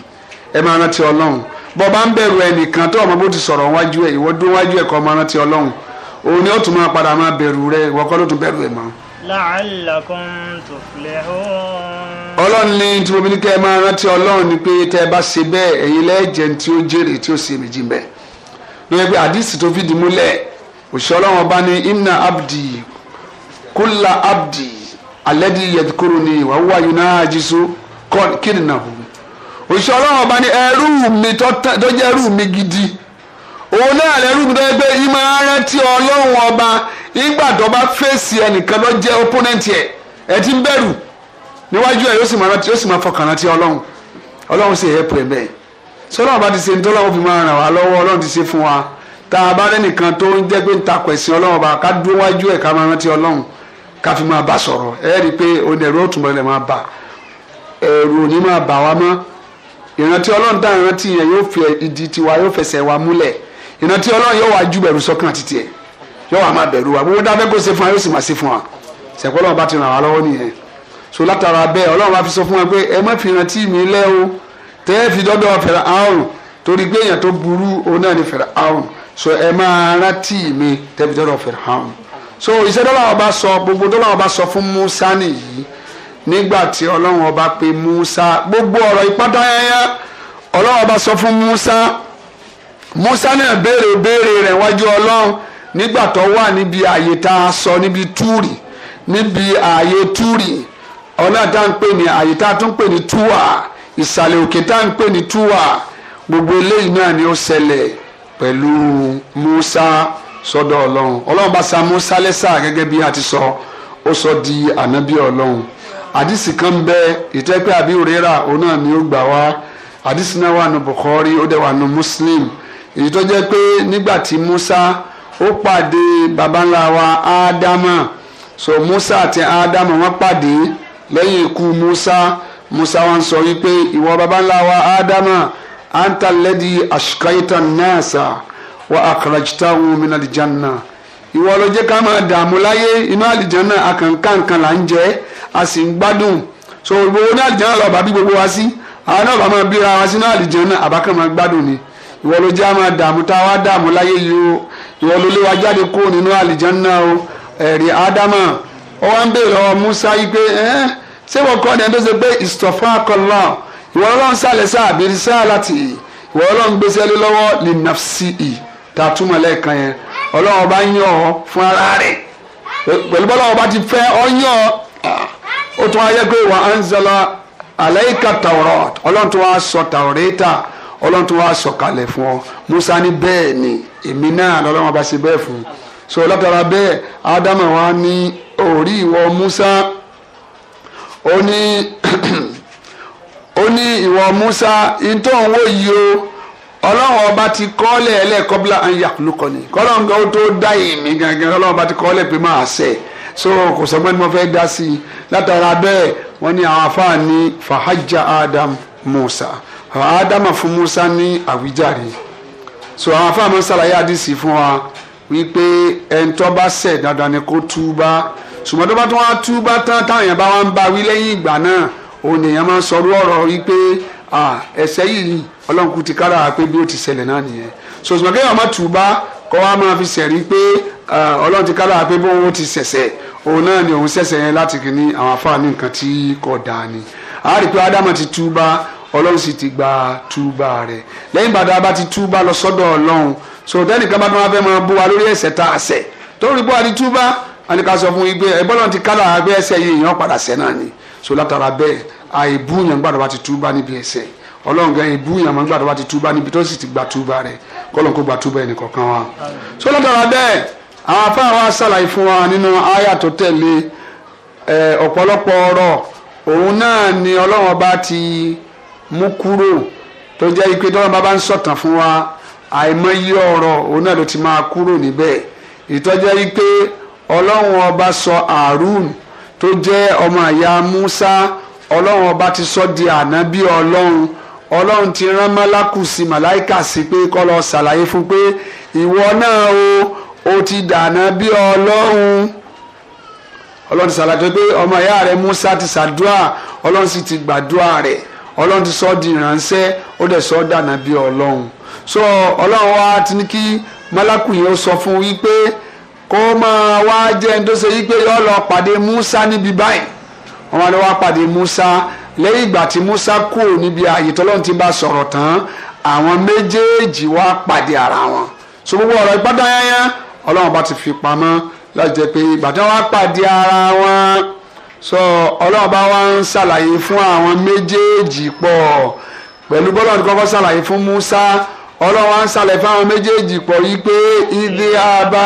ẹ máa rántí ọlọ́run bọ́ bá ń bẹ̀rù ẹnìkan tó ọmọ bó ti sọ̀rọ̀ wájú ẹ ìwọ dúró wájú ẹ kọ́ ọmọ rántí ọlọ́run òun ni ó tún máa padà máa bẹ̀rù rẹ ìwọ kọ́ ló tún bẹ̀rù ẹ mọ́. la'allakum tuflihun. ọlọ́run ní tí mo bí ní kẹ́ ẹ máa rántí ọlọ́run ni pé tẹ́ ẹ bá ṣe bẹ́ẹ̀ ẹ̀yin lẹ́ẹ̀jẹ̀ tí ó jèrè tí ó ṣe méjì bẹ́ẹ̀ òṣìṣẹ́ ọlọ́run ọba ní inna abdi kula abdi alẹ́dí yẹtukuruni wà wúwa yìí náà jísú kíni náà hù òṣìṣẹ́ ọlọ́run ọba ní ẹrú mi tó jẹ́ ẹrú mi gidi òun náà lẹ́rú mi tó yẹ pé ìmọ̀ ara ti ọlọ́run ọba ìgbà tó bá fèsì ẹnìkan ló jẹ́ opponent ẹ̀ ẹ̀ ti ń bẹ̀rù níwájú ẹ̀ yóò sì máa fọkàn rántí ọlọ́run ọlọ́run sì yẹ pẹ̀lẹ́ bẹ́ẹ̀ sọlọ́run bá ti ṣe ní tọ́lọ́run fi máa ràn wá lọ́wọ́ ọlọ́run ti ṣe fún wa tá a bá rẹ́nìkan tó ń jẹ́ pé ń takò ẹ̀sìn ọlọ́run bá ká dúró wájú ẹ̀ ká máa rántí ọlọ́run ká fi máa bá sọ̀rọ̀ ẹ rí i pé ẹ̀rù òtúnbọ̀ rẹ̀ máa bà ẹ̀rù òní máa bà wá mọ́ ìrántí ọlọ́run tá ìrántí yẹn yóò fi ìdí tiwa yóò fẹsẹ̀ wa múlẹ̀ ìrántí ọlọ́run yóò wá ju bẹ̀rù sọ́kàn títí ẹ̀ yóò wá máa bẹ̀rù wa gbogbo dábẹ́ kó ṣe fún wa yóò sì máa ṣe fún wa ṣẹ̀kọ́ ọlọ́run bá ti ràn wá lọ́wọ́ nìyẹn so látara bẹ́ẹ̀ ọlọ́run bá fi sọ fún wa pé ẹ má fi ìrántí mi lẹ́ o tẹ́ ẹ fi dọ́dọ̀ fẹ̀rẹ̀ àrùn torí gbé èèyàn tó burú òun náà ni fẹ̀rẹ̀ àrùn so ẹ máa rántí mi tẹ́bi tọ́lọ̀ so iṣẹ́ tọ́lọ̀ ọba sọ gbogbo tọ́lọ̀ ọba sọ fún Musa nìyí nígbà tí ọlọ́run ọba pe Musa gbogbo ọ̀rọ̀ ìpátá yẹn ọlọ́run ọba sọ fún Musa Musa náà béèrè béèrè rẹ̀ wájú ọlọ́run nígbà tó wà níbi ààyè tá a sọ níbi túrì níbi ààyè túrì ọ̀nà tá à pè ní ààyè tá a tún pè ní túwà ìsàlẹ̀ òkè tá à pè ní túwà gbogbo eléyìí náà ni ó ṣẹlẹ̀ pẹ̀lú Musa sọ́dọ̀ ọlọ́run ọlọ́run bá sa Musa lẹ́sà gẹ́gẹ́ bí a ti sọ ó sọ di ànábì ọlọ́run àdìsí kan bẹ ìtẹ́pẹ́ àbí òrera òun náà ni ó gbà wá àdìsí náà wà nù Bukhari ó dẹ̀ wà nù Muslim èyí tó jẹ́ pé nígbà tí Musa ó pàdé baba ńlá wa Ádámà so Musa àti Ádámà wọ́n pàdé lẹ́yìn ikú Musa Musa wọn sọ wípé ìwọ baba wa Ádámà anta lẹ́dí àṣìkáyítà náàsà wà àkàràjìtà òun mi náà lìjánà ìwọ ló jẹ́ ká máa dààmú láyé inú àlìjánà àkànkànkàn là ń jẹ a sì ń gbádùn so gbogbo ní àlìjánà lọ bàbí gbogbo wa sí àwọn náà bá máa bíra wa sínú àlìjánà àbákan máa gbádùn ni ìwọ ló jẹ́ a máa dààmú tá a wá dààmú láyé yìí o ìwọ ló lé wa jáde kúrò nínú àlìjánà o ẹ̀rí ádámà ó wá ń bèèrè ọ musa yìí pé ẹ́ ṣé wọ́n kọ́ ni ẹni tó ṣe pé ìsọ̀fún akọ́lá wọ́n lọ́n sálẹ̀ sáàbí sáà láti wọ́n lọ́n gbèsè lé lọ́wọ́ ní nafsi i tá a túmọ̀ lẹ́ẹ̀kan yẹn ọlọ́run ọba yàn ọ́ fún ara rẹ̀ pẹ̀lú bọ́lá ọba ti fẹ́ ọ yàn ọ́ ó tún ayé pé wà á ń zọlọ àlẹ́yìká tàwọ̀rọ̀ ọlọ́run tó wá sọ tàwọ̀rẹ́ta ọlọ́run tó wá sọ kalẹ̀ fún ọ Musa ní bẹ́ẹ̀ ni èmi náà lọ́lọ́run ọba ṣe bẹ́ẹ̀ fún so látara bẹ́ẹ̀ Ádámù wa ní orí ìwọ Musa ó ní. ó ní ìwọ Musa ìtò òwò yìí o ọlọ́run ọba ti kọ́lẹ̀ ẹlẹ́ẹ̀kọ́bílà ànyà lukọ̀ ni kọ́lọ́run kan ó tó dá ìmí gangan ọlọ́run ọba ti kọ́lẹ̀ pé máa ṣẹ̀ so kò sọgbọ́n ni mo fẹ́ dá sí i látara bẹ́ẹ̀ wọ́n ní àwọn afáà ní fàhájà Adam Musa àádámà fún Musa ní àwíjàre so àwọn afáà máa ń ṣàlàyé àdìsí fún wa wípé ẹni bá ṣẹ̀ dandan ni kó túbá ṣùgbọ́n bá tó wá túbá tán táwọn èèyàn bá wá ń ba wí lẹ́yìn ìgbà náà òun èèyàn máa ń sọrú ọ̀rọ̀ rí pé ẹ̀ṣẹ̀ yìí ọlọ́run kù ti kára pé bí ó ti ṣẹlẹ̀ náà nìyẹn sòsùmọ̀ kéèyàn má tùbá kọ́ wa máa fi sẹ̀rí pé ọlọ́run ti kára pé bí ó ti ṣẹ̀ṣẹ̀ òun náà ni òun ṣẹ̀ṣẹ̀ yẹn láti kí ní àwọn afáàní nǹkan tí kò dáa ni àárí pé ádámù ti túbá ọlọ́run sì ti gba túbá rẹ̀ lẹ́yìn bàdá bá ti túbá lọ sọ́dọ̀ ọlọ́run so tẹ́nìkan bá tún wá fẹ́ máa bú wa lórí ẹ̀ṣẹ̀ tá a ṣẹ̀ torí bó a ti túbá àníkà sọ fún yín pé ẹ̀bọ́lọ́run ti kára pé ẹ̀ṣẹ̀ yìí èèyàn padà ṣẹ̀ náà ni so látara bẹ́ẹ̀ àìbú yẹn gbàdọ̀ bá ti túbá níbi ẹ̀ṣẹ̀ ọlọ́run gan ìbú yẹn máa ń gbàdọ̀ bá ti túbá níbi tó sì ti gbà túbá rẹ̀ kọ́lọ́n kó gbà túbá ẹnì kọ̀ọ̀kan wa. so látara bẹ́ẹ̀ àwọn afá wa ṣàlàyé fún wa nínú àyà tó tẹ̀lé ọ̀pọ̀lọpọ̀ ọ̀rọ̀ òun náà ni ọlọ́run ọba ti mú kúrò tó jẹ́ ipe tọ́lọ́run bá bá ń sọ̀tàn fún wa àìmọye ọ̀rọ̀ òun náà ló ti máa kúrò níbẹ̀ ìtọ́jẹ́ ipe ọlọ́run ọba sọ àrùn tó jẹ́ ọmọ àyà Musa ọlọ́run ọba ti sọ di ànábì ọlọ́run ọlọ́run ti rán málákù sí màláìkà sí pé kó lọ ṣàlàyé fún pé ìwọ náà o o ti dànà bí ọlọ́run ọlọ́run ti ṣàlàyé pé ọmọ ìyá rẹ Musa ti ṣàdúà ọlọ́run sì ti gbàdúà rẹ ọlọ́run ti sọ di ìránṣẹ́ ó dẹ̀ sọ dànà bí ọlọ́run so ọlọ́run wa ti ní kí málákù yẹn sọ fún wípé kó máa wá jẹ́ ní tó ṣe yí pé yọ lọ pàdé Musa níbi báyìí wọ́n wá lọ wá pàdé Musa lẹ́yìn ìgbà tí Musa kú níbi ààyè tọ́lọ́run ti bá sọ̀rọ̀ tán àwọn méjèèjì wá pàdé ara wọn so gbogbo ọ̀rọ̀ ìpàdé ọlọ́run bá ti fi pamọ́ láti jẹ́ pé ìgbà tí wọ́n wá pàdé ara wọn so ọlọ́run bá wá ń ṣàlàyé fún àwọn méjèèjì pọ̀ pẹ̀lú bọ́lọ́run kọ́kọ́ ṣàlàyé fún Musa ọlọ́wọ́n ń sálẹ̀ fáwọn méjèèjì pọ̀ yí pé ìdí àbá.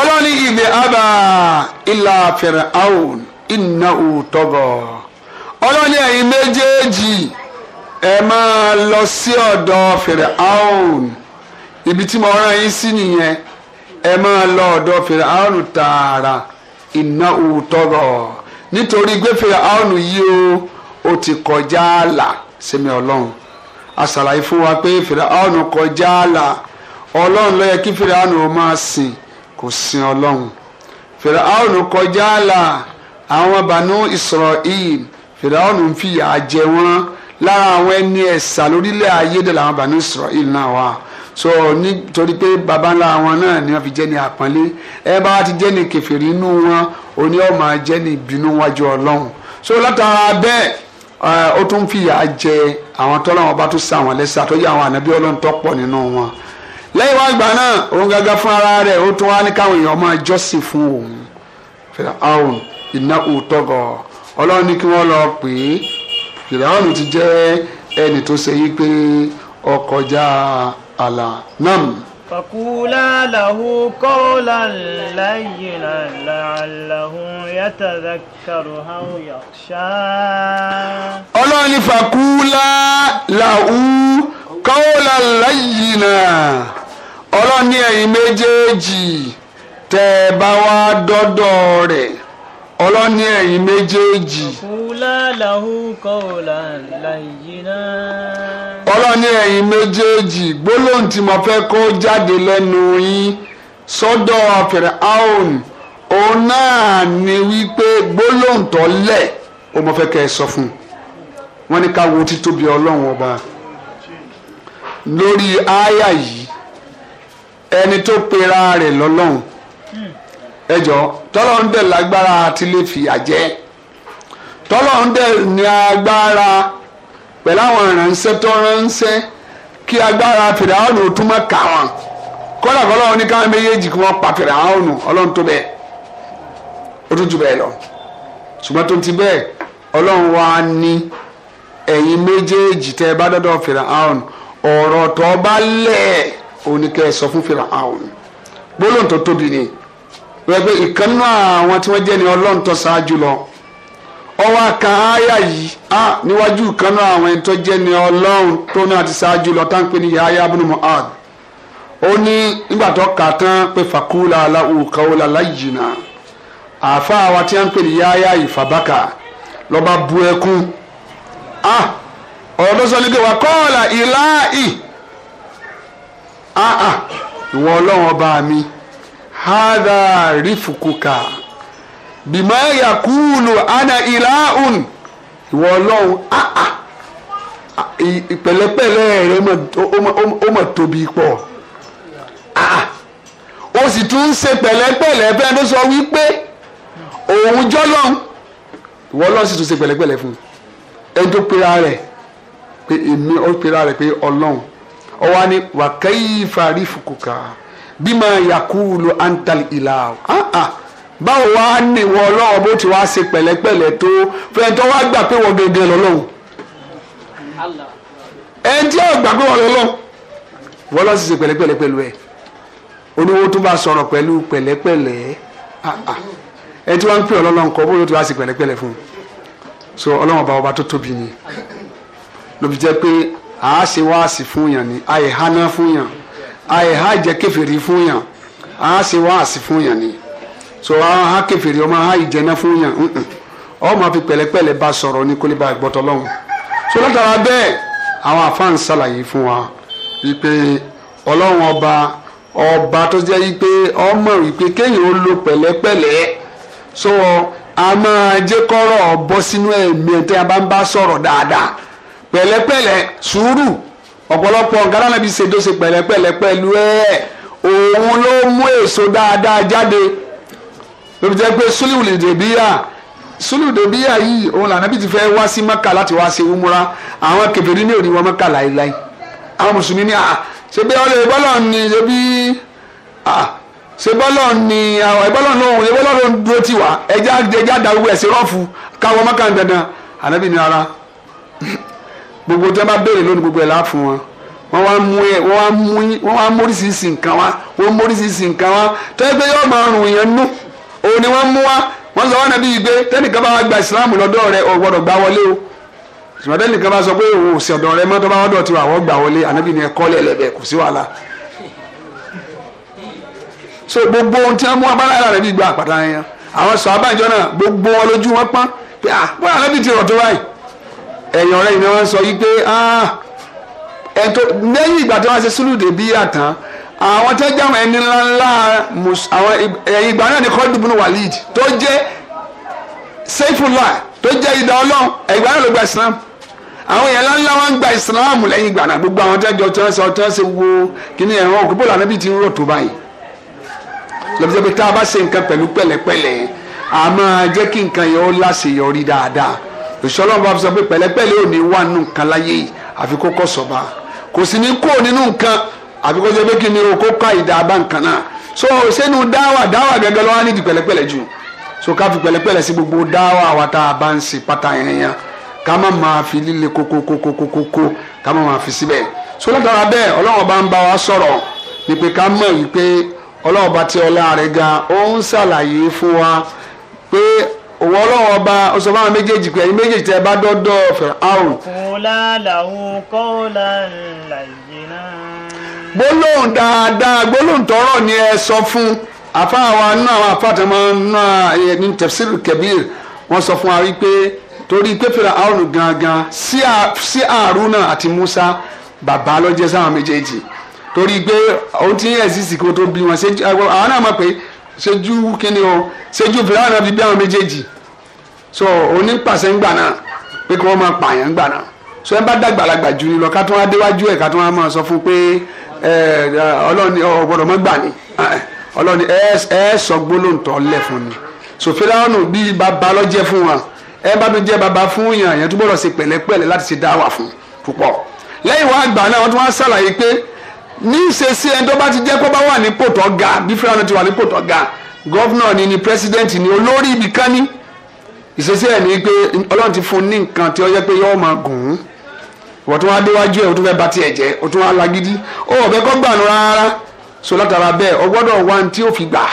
ọlọ́ni ìdí àbá ìlà fìdáhùn ìnà òtọ̀wọ́. ọlọ́ni ẹ̀yin méjèèjì ẹ máa lọ sí ọ̀dọ̀ fìdáhùn ibi tí mo rán yín sí nìyẹn ẹ máa lọ ọ̀dọ̀ fìdáhùn tààrà nítorí gbé yìí ó ti kọjá ààlà sẹ́mi ọlọ́run àṣàlàyé fún wa pé fìràánù kọjá ààlà ọlọ́run ló yẹ kí fìràánù ó máa sìn kò sin ọlọ́run fìràánù kọjá ààlà àwọn bànú Israel fìràánù ń fìyà jẹ wọ́n lára àwọn ẹni ẹ̀sà lórílẹ̀ ayé dẹ̀ làwọn bànú Israel náà wà so nítorí pé baba ńlá wọn náà ni wọn fi jẹ́ ní àpọ́nlé ẹ bá ti jẹ́ ní kẹfìrí inú wọn òní máa jẹ́ ní ìbínú wájú ọlọ́run so látara bẹ́ẹ̀ ó tún fìyà jẹ àwọn tọ́lọ́wọ́n bá tún sa àwọn lẹ́sẹ̀ àtọ́jú àwọn ànábí ọlọ́run tó pọ̀ nínú wọn lẹ́yìn wá ìgbà náà òun gángan fún ara rẹ̀ ó tún wá ní káwọn èèyàn máa jọ́sìn fún òun fìràhùn iná òótọ́gọ̀ ọlọ́run ní kí wọ́n lọ pè é fìràhùn ti jẹ́ ẹni tó ṣe yí pé ọkọjá àlà náà. فقولا له قولا لينا لعله يتذكر أو يخشى ọlọ́ni fàkúlá làwù kọ́ọ̀lá lẹ́yìnà ọlọ́ni ẹ̀yin méjèèjì tẹ́ ẹ bá wá dọ́dọ̀ rẹ̀ ọlọ́ni ẹ̀yin méjèèjì. fàkúlá làwù kọ́ọ̀lá lẹ́yìnà ọlọ́ni ẹ̀yin méjèèjì gbólóhùn tí mo fẹ́ kó jáde lẹ́nu yín sọ́dọ̀ Firaun òun náà ni wípé gbólóhùn tó lẹ̀ ó mo fẹ́ kẹ́ ẹ sọ fún un wọ́n ní ká wo títóbi ọlọ́run ọba lórí àyà yìí ẹni tó pera rẹ̀ lọ́lọ́run ẹjọ́ tọ́lọ́run dẹ̀ lágbára àti lè tọ́lọ́run dẹ̀ ní agbára pẹ̀lú àwọn ìrànṣẹ́ tó ránṣẹ́ kí agbára fìdáhùn tún mọ́ kà wọ́n kọ́dà kọ́ lọ́wọ́ ní káwọn méjèèjì kí wọ́n pa fìdáhùn ọlọ́run tó bẹ́ẹ̀ ó tún jù bẹ́ẹ̀ lọ ṣùgbọ́n tó ti bẹ́ẹ̀ ọlọ́run wa ní ẹ̀yin méjèèjì tẹ́ ẹ bá dọ́dọ̀ fìdáhùn ọ̀rọ̀ tó bá lẹ̀ oníkẹ́ sọ fún fìdáhùn gbólóhùn tó tóbi ni wọ́n pe ìkànnú àwọn tí wọ́n jẹ́ ni ọlọ́run tó ṣáájú lọ ọwọ́ ka aya yìí a níwájú kan àwọn ẹni tó jẹ́ ni ọlọ́run tó ti ṣáájú lọ tá n pè ní yahaya ibn Mu'ad ó ní nígbà tó kà tán pé fàkúlà aláwò láyìnà àáfàá wa tí ń pè ní ìfàbákà lọ́ba bu ẹkún a ọ̀rọ̀ tó sọ ní kọ́ọ̀là a a ìwọ ọlọ́run ọba mi hádà rífùkúkà. bìmọ̀ yakulu ana ilahun ìwọ ọlọ́run áà ah, ah, ah, ìpẹ̀lẹ́pẹ̀lẹ́ rẹ ó mọ̀ tóbi pọ̀ áà ó sì tún ń ṣe pẹ̀lẹ́pẹ̀lẹ́ fẹ́ tó sọ wípé òun jọ́lọ́run ìwọ ọlọ́run sì tún ṣe pẹ̀lẹ́pẹ̀lẹ́ fún un ẹni tó pera rẹ̀ pé èmi ó pera rẹ̀ pé ọlọ́run ọwọ́ ni wàkẹ́yì fàrífù kùkà bímọ yakulu antal ilahun áà báwo wá níwọ ọlọ́run bó ti wá ṣe pẹ̀lẹ́pẹ̀lẹ́ tó fẹ́ẹ́ tó wá gbà pé wọ́n gẹ́gẹ́ lọ́lọ́run ẹni tí yóò gbà pé wọ́n lọ́lọ́run wọ́n lọ́ sì ṣe pẹ̀lẹ́pẹ̀lẹ́ pẹ̀lú ẹ̀ olówó tó bá sọ̀rọ̀ pẹ̀lú pẹ̀lẹ́pẹ̀lẹ́ ah, ah. ẹ tí wọ́n ń pè ọlọ́run kọ́ bó ti wá ṣe pẹ̀lẹ́pẹ̀lẹ́ fún un so ọlọ́run ọba ọba tó tóbi ni lóbi jẹ́ pé àá ṣe wáàsí fún yàn ni àìháná fún yàn àìhájẹ kèfèrí fún yàn àá ṣe wáàsí fún yàn ni so a kẹfìrì ọmọ a ìjẹná fún yàn ọmọ àfi pẹ̀lẹ́pẹ̀lẹ́ bá sọ̀rọ̀ ní kólébà gbọtọ lọhùn so látara bẹ́ẹ̀ àwọn àfáàn ṣàlàyé fún wa wípé Ọlọ́run ọba ọba tó jẹ́ wípé ọmọ wípé kéèyàn ó lo pẹ̀lẹ́pẹ̀lẹ́ so a máa jẹ́ kọ́rọ̀ bọ́ sínú ẹ̀mí ẹ̀ tí a bá ń bá sọ̀rọ̀ dáadáa pẹ̀lẹ́pẹ̀lẹ́ sùúrù ọ̀pọ̀lọpọ̀ nǹkan náà ṣe tó ṣe pẹ̀lẹ́pẹ̀lẹ́ pẹ̀lú ẹ̀ òun ló mú èso dáadáa jáde lórí jẹ́ pé suliu lè dè bíyà suliu lè bíyà yìí òun làná bí ti fẹ́ wá sí maka láti wá sí umura àwọn kèfèrí ní òní wọn maka láéláé àwọn mùsùlùmí ní àà ah, ṣe bí ọlọ́ọ̀ ìbọ́lọ̀ ni ṣe bí àà ṣe bọ́lọ̀ ni àwọn ìbọ́lọ̀ lóhùn ìbọ́lọ̀ ló ń dúró tì wá ẹja ẹja dàrú ẹ̀sìn rọ́ọ̀fù káwọn maka ń dandan ànábì ní ara gbogbo tí wọn bá béèrè lónìí gbogbo ẹ̀ láà fún wọn wọ́n wá mú ẹ wọ́n wá mú wọ́n wá móríṣiríṣi nǹkan wá wọ́n móríṣiríṣi nǹkan wá tẹ́gbẹ́ yóò máa rùn yẹn nú òun ni wọ́n mú wá wọ́n sọ wọ́n nàbí yìí tẹ́nìkan bá wá gba ìsìláàmù lọ́dọ̀ rẹ̀ ò gbọ́dọ̀ gbà wọlé o ṣùgbọ́n tẹ́nìkan bá sọ pé òun ò sí ọ̀dọ̀ rẹ̀ mọ́tọ́ bá wọ́n tiwa àwọn gbà wọlé ànábì ni so gbogbo ohun gba àpàtà yẹn àwọn sọ abájọ náà gbogbo wọn lójú wọn ah, ti rọ̀ tó àwọn tó jẹ́ àwọn ẹni ńláńlá àwọn ìgbà náà ni kọ́dùbùnú Walid tó jẹ́ Saifullah tó jẹ́ idà ọlọ́run ìgbà náà ló gba Islam àwọn èèyàn ńláńlá wọn ń gba Islam lẹ́yìn ìgbà náà gbogbo àwọn tẹ́jọ tí wọ́n sọ tí wọ́n ṣe wo kíní ẹ̀rọ òkúpọ̀ lànà bíi ti ń rò tó báyìí lọ́bi jẹ́ pé tá a bá ṣe nǹkan pẹ̀lú pẹ̀lẹ́pẹ̀lẹ́ a máa jẹ́ kí nǹkan àbíkó jẹ́ kí ni o kó ká ìdá abáǹkan náà so sẹ́nu dáwà dáwà gẹ́gẹ́ lọ́wọ́ nídìí pẹ̀lẹ́pẹ̀lẹ́ jù so ká fi pẹ̀lẹ́pẹ̀lẹ́ sí gbogbo dáwà wa tá a bá ń ṣe pátá yẹn yẹn ká má máa fi líle kókókókókókó ká má máa fi síbẹ̀ so látara bẹ́ẹ̀ ọlọ́wọ́n bá ń bá wa sọ̀rọ̀ ni pé ká mọ̀ wípé ọlọ́wọ́n bá ti ọlá rẹ̀ ga ó ń ṣàlàyé fún wa pé òun ọlọ́wọ́ ọba ó sọ fáwọn méjèèjì pé ẹ̀yin méjèèjì tẹ́ bá dọ́dọ̀ fẹ̀rẹ̀ àrùn. kò lálàó kọ́ làǹlà yìí náà gbólóhùn dáadáa gbólóhùn tọrọ ni ẹ sọ fún àfáàwa náà àwọn àfáàtà máa ń ná ẹ ní tafsir kabir wọn sọ fún wa wípé torí pé Fáráò gangan sí Hárúnà àti Mùsá bàbá ló jẹ́ sáwọn méjèèjì torí pé ohun tí ẹ̀ sì sì kó tó bí wọn àwọn náà mọ̀ pé ṣéjú kíni o ṣéjú Fáráò náà fi bí àwọn méjèèjì so onípàṣẹ ń gbà náà pé kí wọ́n máa pààyàn ń gbà náà so ẹ bá dàgbàlagbà jù ní lọ ká tó wá déwájú ẹ̀ ká tó wá máa sọ fún pé Eh, ọlọ́ni ọ̀gbọ́dọ̀ mọ́ gbà ní eh, ọlọ́ni ẹ sọ gbólóǹtọ́ lẹ̀ fún ni sòfìlànù bíi bàbá lọ́jẹ́ fún wa ẹ bá mi jẹ́ bàbá fún yàn yẹn tó gbọ́dọ̀ ṣe pẹ̀lẹ́pẹ̀lẹ́ láti ṣe dáwà fún púpọ̀ lẹ́yìn wá gbà náà wọ́n tún wá ṣàlàyé pé ní ìṣesí ẹni tó bá ti jẹ́ kó bá wà ní pòtọ́ ga bí fìlànù ti wà ní pòtọ́ ga gọ́vnà ni ni pírẹsidẹ́ǹtì ni olórí ibìkan ní ìṣesí ẹ̀ ní pé ọlọ́run ti fún ní nǹkan tí ó yẹ pé yọ́ọ́ máa gùn ún wọ́n tún wá déwájú ẹ̀ o tún fẹ́ ba tiẹ̀ jẹ́ o tún wá lagidi ó ọ̀bẹ kọ́ gbà nù rárá so látara bẹ́ẹ̀ o gbọ́dọ̀ wá ní tí ó fi gbà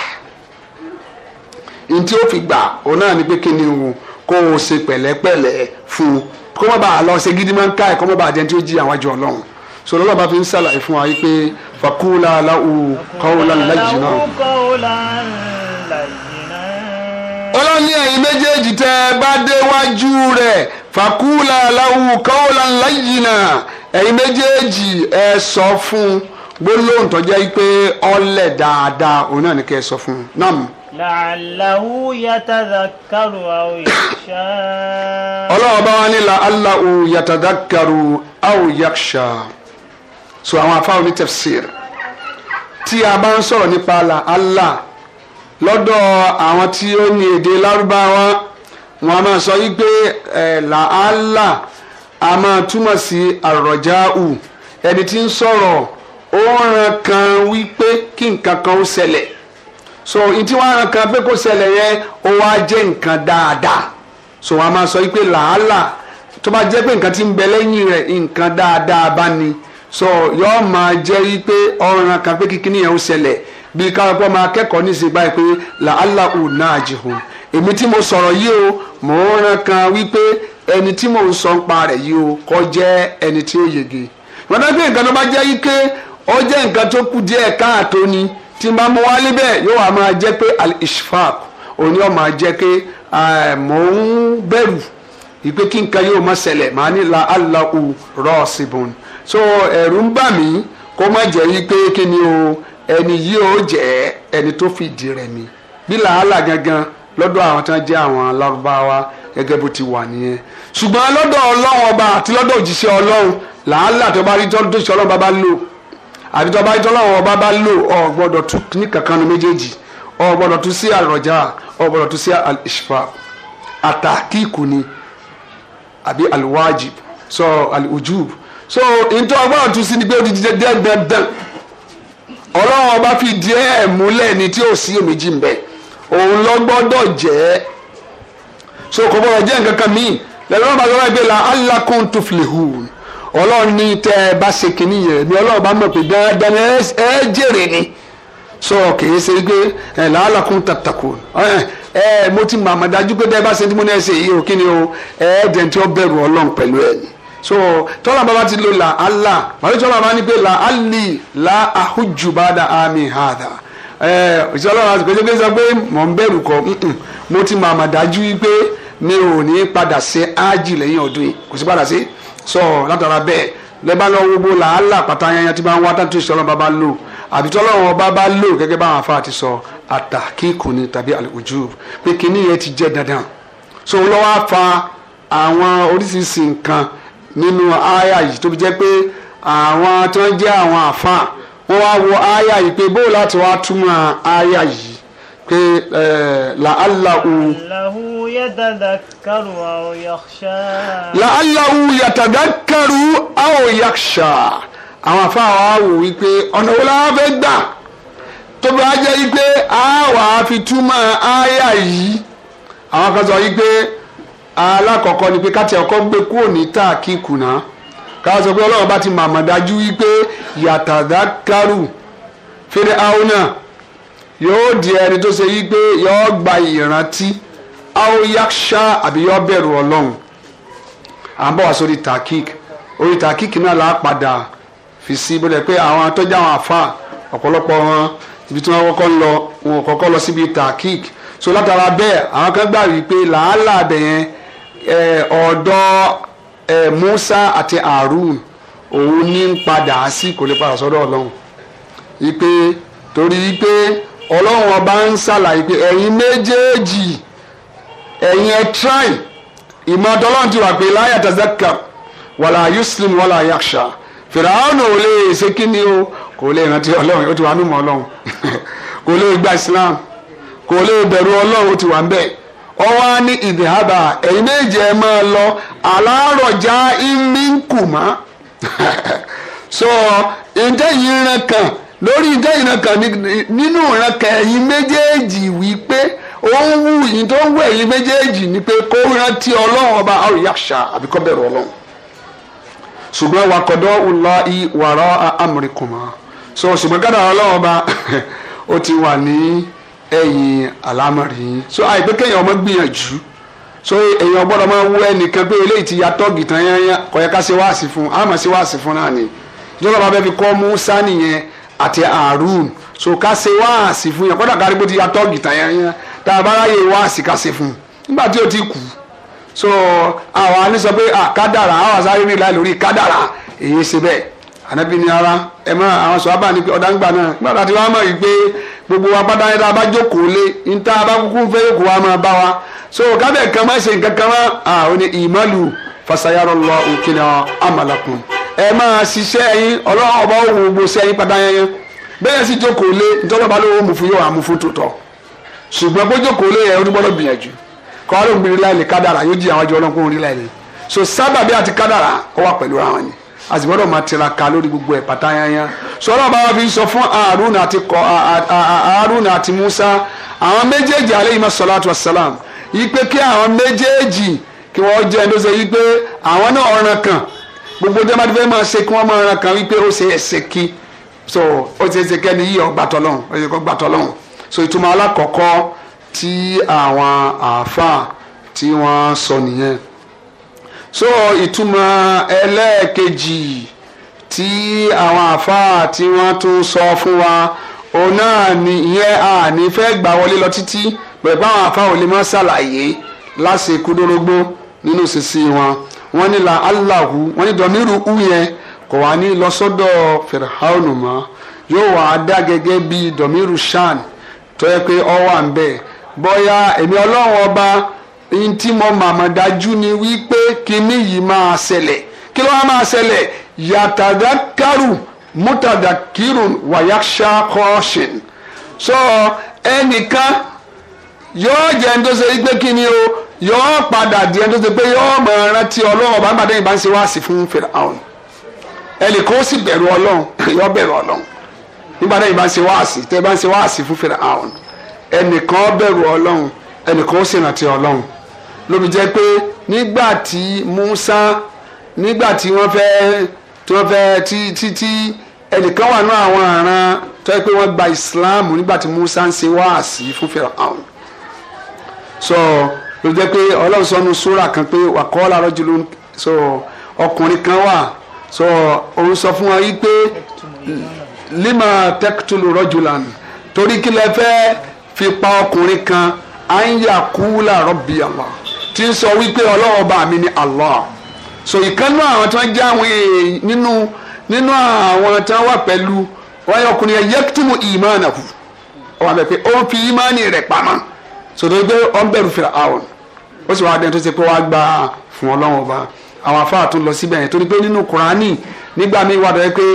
ní tí ó fi gbà òun náà ni pé kí ni o kó o ṣe pẹ̀lẹ́pẹ̀lẹ́ fún un kó má bàa lọ ṣe gidi máa ń ká ẹ̀ kó má bàa jẹ́ tí ó jí àwọn àjọ ọlọ́run so lọ́lọ́ bá fi ń ṣàlàyé fún wa yìí pé fakúlà aláwo kọ́ọ̀lá ńlá jìnnà ọlọ́ni ẹ̀yin méjèèjì tẹ́ ẹ bá déwájú rẹ̀ fàkúlà aláwù kọ́ọ̀lá láyìnà ẹ̀yin méjèèjì ẹ sọ fún gbólóhùn tó jẹ́ pé ọlẹ̀ dáadáa òun náà ni kẹ́ ẹ sọ fún náà. làlàhù yàtàdàkàrù àwòyàṣà. ọlọ́wọ́ bá wá ní làlàhù yàtàdàkàrù àwòyàṣà so àwọn afáwọn ní tafsir tí a bá ń sọ̀rọ̀ nípa làlàhù lọ́dọ̀ àwọn tí ó ní èdè lárúbáwá wọn a máa sọ yí pé ẹ̀ làálà a máa túmọ̀ sí àrọ̀jáù ẹni tí ń sọ̀rọ̀ ó ràn kan wípé kí nǹkan kan ó ṣẹlẹ̀ so ìtí wọn ràn kan pé kó ṣẹlẹ̀ yẹn ó wá jẹ́ nǹkan dáadáa so wọn a máa sọ yí pé làálà tó bá jẹ́ pé nǹkan tí ń bẹ lẹ́yìn rẹ̀ nǹkan dáadáa bá ní so yọ́ọ́ máa jẹ́ wípé ọ̀ràn kan pé kíkíní yẹn ó ṣẹlẹ̀ bí káwọn ọmọ akẹ́kọ̀ọ́ ní ìsìn báyìí pé làálà ò náà jìhùn èmi tí mo sọ̀rọ̀ yìí o mò ń rán kan wípé ẹni tí mò ń sọ ń pa rẹ̀ o kọ́ jẹ́ ẹni tí ó yege wọn dábìí nǹkan tó bá jẹ́ ike ó jẹ́ nǹkan tó kù díẹ̀ káàtó ni tí bá mú yóò wá máa jẹ́ pé al òní ọ̀ máa jẹ́ pé eh, mò ń bẹ̀rù ìpè kí nǹkan yóò má màá ní so ẹ̀rù ń bà mí ẹni yìí ó jẹ́ ẹni tó fìdí rẹ̀ mi bí làálà gangan lọ́dọ̀ àwọn tí wọ́n jẹ́ àwọn alárúbáwá gẹ́gẹ́ bó ti wà nìyẹn ṣùgbọ́n lọ́dọ̀ ọlọ́run ọba àti lọ́dọ̀ òjíṣẹ́ ọlọ́run làálà tó bá rí tọ́jú ọlọ́run bá lò àbí tó bá rí tọ́lọ́run ọba bá lò ọ̀ gbọ́dọ̀ tún ní kankan nu méjèèjì ọ̀ gbọ́dọ̀ tún sí àròjà ọ̀ gbọ́dọ̀ tún sí àlìṣfà àtàkìkù ni àbí àlùwájib sọ àlùjúb so ìtọ́ ọgbọ́dọ̀ tún sí ni pé ó ti jẹ́ dandan ọlọ́run ọba fi díẹ̀ múlẹ̀ ní tí ò sí èméjì ńbẹ òun lọ gbọ́dọ̀ jẹ́ so kò gbọ́dọ̀ jẹ́ nǹkan kan míì lẹ́yìn ọba lọ́wọ́ ẹgbẹ́ la alákùn tó filẹ̀ hù ọlọ́run ní tẹ́ ẹ bá ṣe kínní yẹn ni ọlọ́run bá mọ̀ pé dandan ẹ jèrè ni so kìí ṣe pé ẹ làálàkùn tàtàkùn ẹ mo ti mọ̀ àmọ̀dájú pé tẹ́ bá ṣe tí mo ní ẹ ṣe yìí o kí ni o ẹ dẹ̀ tí ó bẹ̀rù ọlọ́run pẹ̀lú ẹ̀ ni so tọ́lá bàbá ti lo la Allah màá tọ́lá bàbá ní pé la ali la ahujú ami hada ẹ ìṣọlá wa pé pé sọ pé mò ń bẹ̀rù kọ mo ti màmá dájú pé mi ò ní padà ṣe ájì lẹ́yìn ọdún yìí kò sí padà sí sọ látara bẹ́ẹ̀ lẹ́bàá lọ́wọ́ la Allah pata yanyan tí bá ń wá tán tó ìṣọlá bàbá lò àbí tọ́lọ́wọ́n ọba bá lò gẹ́gẹ́ bá àwọn afáà ti sọ àtàkìkù tàbí àlùjù pé kínní yẹn ti jẹ́ dandan so lọ́wọ́ fa àwọn oríṣiríṣi nǹkan nínú àyà yìí tó fi jẹ́ pé àwọn tó ń jẹ́ àwọn àfa wọ́n wá wo àyà yìí pé bó láti wá túmọ̀ àyà yìí pé làálàú. làálàú yàtàdákàrú àwọn yàkṣà àwọn àfa wa wò wípé ọ̀nà wo la fẹ́ gbà tó bá jẹ́ wípé a wàá fi túmọ̀ àyà yìí àwọn kan sọ wípé alákọ̀ọ́kọ́ ni pé káti ọkọ́ gbé kúrò ní táàkì kùnà káwọn sọ pé ọlọ́run bá ti màmá dájú wípé yàtàdá kárù fèrè àwọn yóò di ẹni tó ṣe wípé yóò gba ìrántí aoyaksha àbí yóò bẹ̀rù ọlọ́run à ń bọ̀ wá sórí takik orí takik náà là á padà fi sí bó lẹ pé àwọn atọ́jú àwọn àfa ọ̀pọ̀lọpọ̀ wọn ibi tí wọ́n kọ́kọ́ ń lọ wọn kọ́kọ́ lọ síbi takik so látara bẹ́ẹ̀ àwọn kan gbà wípé làálàá bẹ̀yẹn Eh, ọdọ eh, Musa àti arun òun ní ń padà sí kò lè padà sọ́dọ̀ Ọlọ́run ipe torí ipe ọlọrun ọba ń ṣàlàyé pé ẹ̀yin méjèèjì ẹ̀yin ẹ̀ tíráì ìmọ̀ ọ̀dọ́lọ́run ti wà pé láyà tazakka wàlà yuslim wàlà yaksha fìràánù ò lè ṣe kí ni o kò lè rántí Ọlọ́run ó ti wà nínú Ọlọ́run kò lè gba Islam kò lè bẹ̀rù Ọlọ́run ó ti wà ń bẹ́ẹ̀ ọ wá ní ìdìhábà ẹ̀yin méjì ẹ máa lọ aláàrọ̀já ìmínkùmá so ǹjẹ́ ìran kan lórí ǹjẹ́ ìran kan nínú ìran kan ẹ̀yin méjèèjì wípé ó ń wù yín tó ń wù ẹ̀yin méjèèjì ni pé kó rántí ọlọ́run ọba àríyàṣà àbíkọ́ bẹ̀rù ọlọ́run ṣùgbọ́n wakọ̀dọ́ ọlọ́ ìwàrọ̀ amúrikùnmá so ṣùgbọ́n gádà ọlọ́run ọba ó ti wà ní. ẹ̀yìn àlámọ̀rí yín so àìpé kéèyàn ọmọ gbìyànjú so èèyàn gbọ́dọ̀ máa wú ẹnìkan pé eléyìí ti ya tọ́ọ̀gì tán yányá kò yẹ ká ṣe wáàsí fún un àmọ́ ṣe wáàsí fún náà ni ìjọba bá fi kọ́ Musa nìyẹn àti Harun so ká ṣe wáàsí fún yẹn kọ́dà kárí pé ti ya tọ́ọ̀gì tán yányá tá a bá ráyè wáàsí ká ṣe fún nígbà tí ó ti kú so àwọn àní sọ pé kádàrà àwọn àṣàrí rí láì lórí kádàrà èyí ṣe bẹ́ẹ̀ ànábì ní ara ẹ mọ àwọn sọ gbogbo wa pátá yẹn tá a bá jókòó lé níta a bá kúkú fẹ́ wa máa bá wa so kábẹ̀ kan má ṣe nǹkan kan mọ́ àwọn ni ìmọ̀lù fasayarọ̀ lọ òkèlè amalakun ẹ máa ṣiṣẹ́ yín ọlọ́run ọba òwò gbogbo sẹ́yìn pátá yẹn bẹ́ẹ̀ sì jókòó lé nítorí ọba lówó mú yóò wà mú ṣùgbọ́n pé jókòó lé yẹn ó gbìyànjú kọ́ a sì gbọ́dọ̀ máa tiraka lórí gbogbo ẹ̀ pátáyáyá sọlá bàbá fi sọ fún Harun àti kọ Harun àti Musa àwọn méjèèjì alayhi salatu wassalam yí pé kí àwọn méjèèjì kí wọ́n jẹ́ ẹni tó ṣe yí àwọn náà ọ̀ràn kan gbogbo jẹ́ máa fẹ́ máa ṣe kí wọ́n máa ọ̀ràn kan wípé ó ṣe ẹ̀ṣẹ̀ kí so ó ṣe é ṣe kẹ́ni yíyọ gbàtọ́ lọ́hùn so ìtumọ̀ alákọ̀ọ́kọ́ tí àwọn àáfàá tí wọ́n sọ nìyẹn so ìtumọ̀ ẹlẹ́ẹ̀kejì tí àwọn àfáà tí wọ́n tún sọ fún wa òun náà ni ìyẹn àní fẹ́ gbà wọlé lọ títí pẹ̀lú àwọn àfáà ò lè má ṣàlàyé lásìkò dórógbó nínú sísí wọn wọn ní la aláhu wọn ní dọ̀míru hu yẹn kò wá ní lọ sọ́dọ̀ fìrìhánù mọ́ yóò wá dá gẹ́gẹ́ bíi dọ̀míru shan tó yẹ pé ọ wà ń bẹ̀ bóyá èmi ọlọ́run ọba n tí mo màmá dájú ni wípé kinní yìí máa ṣẹlẹ̀ kí ló wá máa ṣẹlẹ̀ yàtàdá kárù mútàdá kírun wàyáṣá kọ́ọ̀ṣìn so ẹnìkan yóò jẹ́ ní tó ṣe wípé kinní o yóò padà di ẹni tó ṣe pé yóò mọ̀ rántí ọlọ́run bá ń gbàdé ìbá ń ṣe wáàsí fún Firaun ẹnì kan ó sì bẹ̀rù ọlọ́run yóò bẹ̀rù ọlọ́run nígbàdé ìbá ń ṣe wáàsí tẹ́ bá ń ṣe wáàsí fún Firaun ẹnì ó bẹ̀rù ọlọ́run ẹnì ó sì rántí ọlọ́run ló fi jẹ́ pé nígbà tí Musa nígbà tí wọ́n fẹ́ tí wọ́n fẹ́ tí tí tí ẹnìkan wà ní àwọn àràn tó yẹ pé wọ́n gba Islam nígbà tí Musa ń ṣe wáàsí fún Firaun so ló jẹ́ pé Ọlọ́run sọnu súrà kan pé wàkọ́ làárọ̀ jùlọ so ọkùnrin kan wà so òun sọ fún wa yìí pé lima tẹ́kítùlù rọ́jùlan torí kí lẹ fẹ́ fi pa ọkùnrin kan à ń yà kú làárọ̀ bíyàwó tí ń sọ wípé ọlọ́run ọba mi ni Allah so ìkànnú àwọn tí wọ́n já àwọn èèyàn nínú nínú àwọn tí wọ́n wà pẹ̀lú wọ́n yọ ọkùnrin yẹn yẹ́kítùmù ìmáànàkù ọ̀hún àbẹ̀ pé ó ń fi ìmáànì rẹ̀ pamọ́ sọdọ̀ gbé ọ̀n bẹ̀rù fìlà àwọn ó sì wá dẹ́n tó ṣe pé wàá gbà fún ọlọ́run ọba àwọn afáà tó lọ síbẹ̀ yẹn torí pé nínú kùránì nígbà míì wà dọ̀rẹ́ pé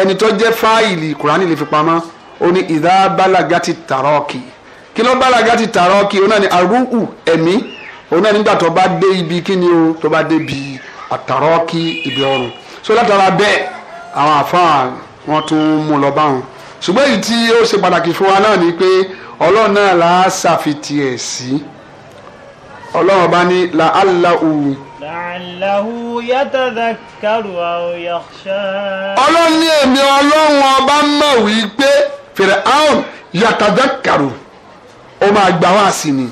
ẹni tó jẹ́ fáìlì kùránì lè fi pamọ́ ó ní ìdá bálagà ti tàrọ́ọ̀kì kí ló bálagà ti tàrọ́ọ̀kì ó náà ní arúgbù ẹ̀mí òun náà nígbà tó bá dé ibi kíni o tó bá dé bi àtàrọ́kì ibi ọrùn so látara bẹ́ẹ̀ àwọn àfáà wọn tún mú lọ báwọn ṣùgbọ́n èyí tí ó ṣe pàtàkì fún wa náà ni pé ọlọ́run náà là á ṣàfitì ẹ̀ sí ọlọ́run bá ní la aláwù. làlàhù yatadhakkaru aw yakhsha. ọlọ́run ní èmi ọlọ́run ọba mọ̀ wípé Fir'aun yatadhakkaru ó máa gbà wá sí ni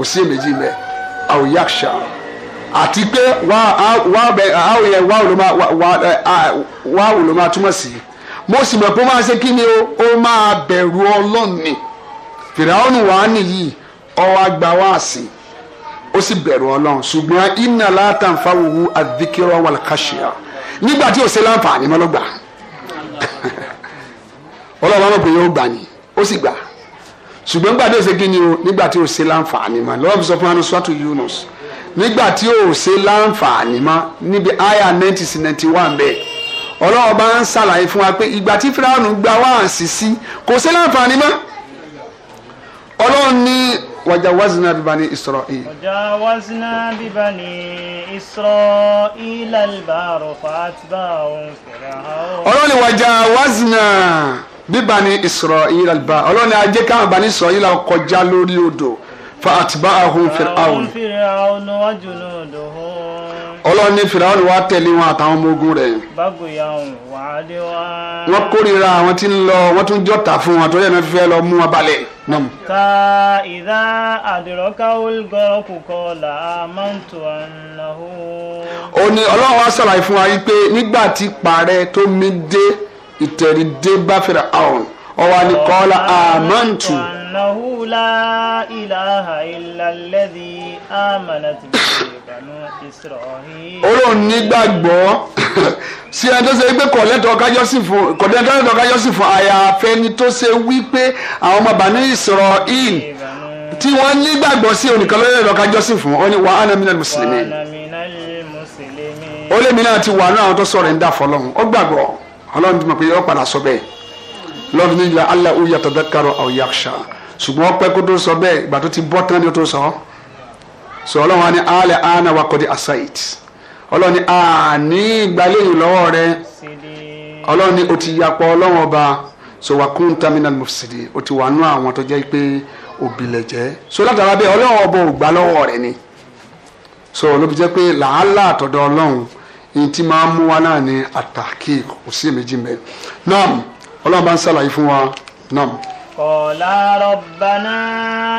kò sí èméjì mẹ́ àwọn yaksha àti pé wàá yẹ wàá wò ló máa túmọ̀ sí mo sì mọ̀ pé ó máa ṣe kí ni ó máa bẹ̀rù ọlọ́run ni fìràwọ̀nù wàá nìyí ọwọ́ àgbà wá sí ó sì bẹ̀rù ọlọ́run ṣùgbọ́n iná látàǹfà wòwú àdìkírọ̀ wàlkàṣíà nígbà tí ò ṣe láǹfààní mọ́ ló gbà ọlọ́run ọmọkùnrin yóò gbà ni ó sì gbà ṣùgbọ́n nígbà tí ó ṣe kí ni o nígbà tí o ṣe láǹfààní mọ́ lọ́wọ́ sọ fún wa ní sọ́tù Yunus nígbà tí ó ṣe láǹfààní mọ́ níbi aya ninety sí ninety one bẹ́ẹ̀ ọlọ́wọ́ bá ń ṣàlàyé fún wa pé ìgbà tí Fíráùnù gba wáàsí sí kò ṣe láǹfààní mọ́ ọlọ́run ní wajawazna bibani isra'il. wajawazna bibani isra'il albaro fatba ohun fèrè àwọn. ọlọ́run wajawazna bíbá ni Isra'il alba ọlọ́ni ajé káwọn bá ní Isra'il kọjá lórí odò fa atba'ahum Fir'aun. ọlọ́ni Fir'aun wá tẹ̀lé wọn àtàwọn ọmọ ogun rẹ̀. wọ́n kórìíra àwọn tí ń lọ wọ́n tún jọ̀tà fún wọn torí ẹ̀mí fẹ́ lọ mú wọn balẹ̀. ta idha adrakahul gharqu qala amantu annahu. ó ní ọlọ́run wá sàlàyé fún wa yìí pé nígbà tí parẹ́ tó mi dé ìtẹ̀rí dé bá fẹ́ra àwọn ọwọ́ ni kọ́lá àmọ́ǹtù. annahu ilaha illa alladhi amanat bihi banu isra'il. olóòn nígbàgbọ́ sí ẹni tó ṣe wípé kọ̀lẹ́tọ̀ kájọ́sìn fún kọ̀lẹ́tọ̀ kájọ́sìn fún àyàfẹ́ ni tó ṣe wípé àwọn ọmọ banu isra'il tí wọ́n nígbàgbọ́ sí onìkan lórí ẹ̀rọ kájọ́sìn fún ọ ni wà á nàmínà mùsùlùmí. ó mi náà ti wà náà àwọn tó sọ̀rọ̀ ń dà fọlọ́run ó gbàgbọ́ ọlọ́run ti mọ̀ pé yọ padà sọ bẹ́ẹ̀ lọ́run ní ìlà allah ó yàtọ̀ dákàrọ̀ aw yakhsha ṣùgbọ́n ọpẹ́ kó tó sọ bẹ́ẹ̀ ìgbà tó ti bọ́ tán ni ó tó sọ sọ ọlọ́run wa ní alẹ́ ana wa kọ́dí asait ọlọ́run ní àní ìgbàlẹ́yìn lọ́wọ́ rẹ ọlọ́run ní o ti yapọ̀ ọlọ́run ọba so wa kún terminal mufsidi o ti wà nú àwọn tó jẹ́ pé òbílẹ̀ jẹ́ so látara bẹ́ẹ̀ ọlọ́run ọba ò gbà lọ́wọ́ rẹ ni so ló fi jẹ́ pé làálàá àtọ̀dọ̀ ọlọ́run ntí máa mú wa náà ní àtàkì kò sí èméjì mẹ naam ọlọ́run bá ń ṣàlàyé fún wa naam. Qala rabbana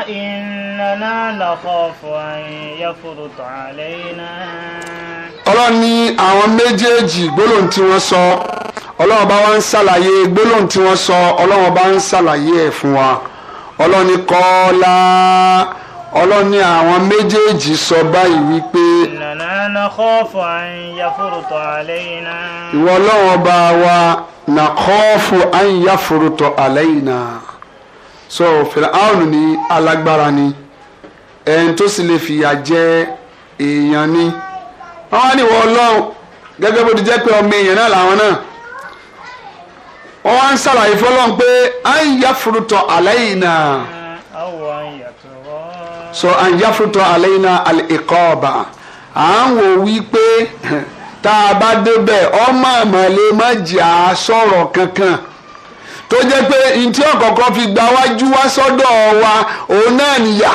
innana nakhafu an yafruta alayna. ọlọ́run ní àwọn méjèèjì gbólóhùn tí wọ́n sọ ọlọ́run bá wá ń ṣàlàyé gbólóhùn tí wọ́n sọ ọlọ́run bá ń ṣàlàyé ẹ̀ fún wa ọlọ́run ní qala. ọlọ́run ní àwọn méjèèjì sọ báyìí wípé. pe na ìwọ ọlọ́run ọba wa na kọ́ọ̀fù àyìnyá fòrùtọ̀ àlẹ́ so fìlàáhùn ní alágbára ni ẹni tó sì lè fìyà jẹ èèyàn ni. wọ́n á ní ìwọ ọlọ́run gẹ́gẹ́ bó ti jẹ́ pé ọmọ èèyàn náà làwọn náà wá ń pé so anjafutọ aleyna al-iqaba à ń wò wípé tá a bá débẹ̀ ọmọ àmọ̀lẹ́ má jà á sọ̀rọ̀ kankan tó jẹ́ pé ntí ọ̀kọ̀ọ̀kan fi gba wájú wá sọ́dọ̀ wa òun náà nìyà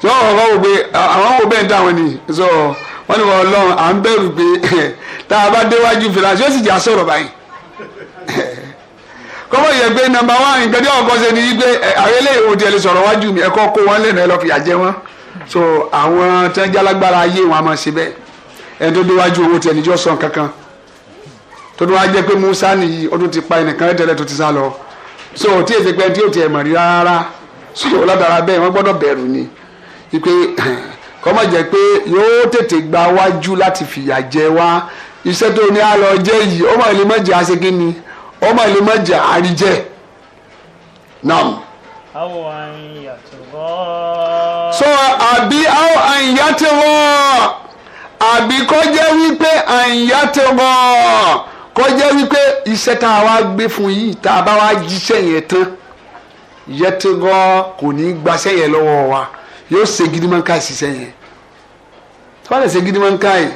tí wọ́n wọ́n wò pé àwọn wò bẹ́ẹ̀ dáwọn ni so wọ́n ní wọ́n lọ́run à ń bẹ̀rù pé tá a bá déwájú fìlà tí ó sì jà sọ̀rọ̀ báyìí kọ́mọ̀ yẹ pé nọmba wá nǹkan tí ọkọ ṣe ni wípé àwọn eléyìí ò tiẹ̀ lè sọ̀rọ̀ wájú mi ẹ̀kọ́ kó wọn lẹ́nu ẹ lọ́ọ́ fìyà jẹ wọn so àwọn tí wọ́n jálágbára ayé wọn a máa ṣe bẹ́ẹ̀ ẹni tó déwájú owó tiẹ̀ níjọ́ sàn kankan tó tó wá jẹ́ pé Musa nìyí ọdún ti pa ẹnìkan tẹ́lẹ̀ tó ti sá lọ so tí èsì pé tí ò tiẹ̀ mọ̀ rí rárá so ládàra bẹ́ẹ̀ wọ́n gbọ́dọ̀ bẹ̀rù ni wípé kọ́mọ̀ jẹ́ pé yóò tètè gba wájú láti fìyà jẹ wá iṣẹ́ tó ní àlọ́ jẹ́ yìí ó mọ̀ ilé mọ̀jẹ̀ aṣegin ni ó mà lè má jẹ àríjẹ nam. so àbí àwọn àyìn yàtọ̀ rọ àbí kọjá wípé àyìn yàtọ̀ rọ kọjá wípé iṣẹ́ tá a wá gbé fún yìí tá a bá wá jíṣẹ́ yẹn tán yẹtẹgọ kò ní gbaṣẹ́ yẹn lọ́wọ́ wa yóò ṣe gidimanka ṣiṣẹ́ yẹn tí wọ́n lè ṣe gidimanka yìí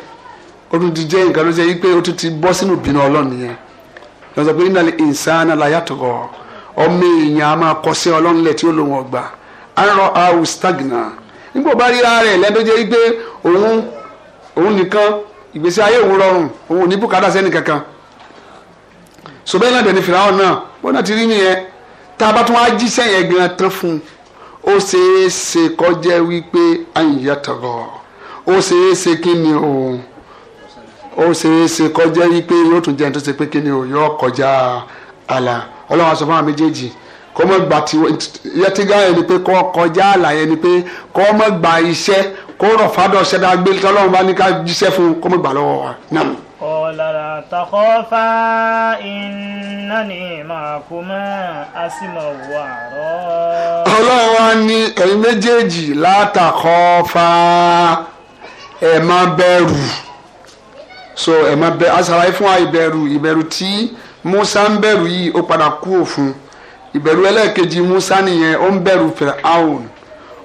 ó tún ti jẹ́ nǹkan ló ṣe yí pé ó tún ti bọ́ sínú ìbínú Ọlọ́run yẹn lọ́sọ̀ pé innal insana la ọmọ èèyàn a máa kọsẹ́ ọlọ́run lẹ̀ tí ó lòun ọgbà arọ ahu stagna nígbà bá ríra rẹ̀ lẹ́dọ́ jẹ́ òun òun nìkan ìgbésí ayé òun rọrùn òun ò ní bùkátà sẹ́ni kankan sọbẹ́ náà dẹ̀ni fìlà ọ̀nà náà ti rí nìyẹn tá a bá tún wá ó ṣeé ṣe kọjá yí pé yóò tún jẹ́ ẹni tó ṣe pé kí ni o yóò kọjá àlà ọlọ́run aṣọ fún àwọn méjèèjì kọ́ mọ́ gba yẹtígá yẹn ni pé kọ́ kọjá àlà yẹn ni pé kọ́ mọ́ gba iṣẹ́ kó rọ̀ fádọ̀ ṣẹ́dá gbé tọ́lọ́run bá ní ká jíṣẹ́ fún kọ́ mọ́ gbà lọ́wọ́ wa náà. Qala la takhafa innani ma'akuma asma'u wa ara. Ọlọ́run wa ní ẹ̀yin méjèèjì la takhafa ẹ má bẹ̀rù so ẹ má bẹ asàlàyé fún wa ìbẹ̀rù ìbẹ̀rù tí Musa ń bẹ̀rù yìí ó padà kú òfun ìbẹ̀rù ẹlẹ́ẹ̀kejì Musa nìyẹn ó ń bẹ̀rù Firaun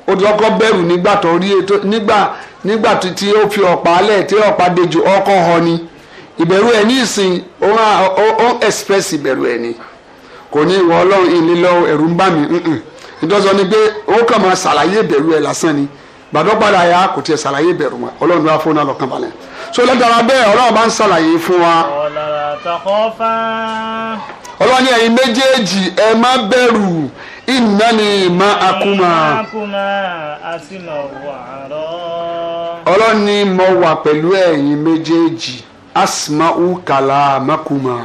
ó ti kọ́kọ́ bẹ̀rù nígbà tó rí ètò e nígbà nígbà tí ó fi ọ̀pá alẹ̀ tí ọ̀pá dejò ọkọ̀ họ ni ìbẹ̀rù ẹ̀ ní ìsìn ó ó express ìbẹ̀rù ẹ̀ ni kò ní ìwọ ọlọ́run ilé lọ́wọ́ ẹ̀rù ń bà mí ìdọ́sọ ni pé ó kàn máa ṣàlàyé ìbẹ̀rù ẹ̀ lásán ni bàdọ́gbàdà ya kò tiẹ̀ ṣàlàyé ìbẹ̀rù wọn ọlọ́run ló fóun náà lọ́kàn balẹ̀ so látara bẹ́ẹ̀ ọlọ́run bá ń ṣàlàyé fún wa. ọlọ́run ẹ̀yin méjèèjì ẹ má bẹ̀rù ni má akúmà. ọlọ́run ni mo wà pẹ̀lú ẹ̀yin méjèèjì asma'u kalamakuma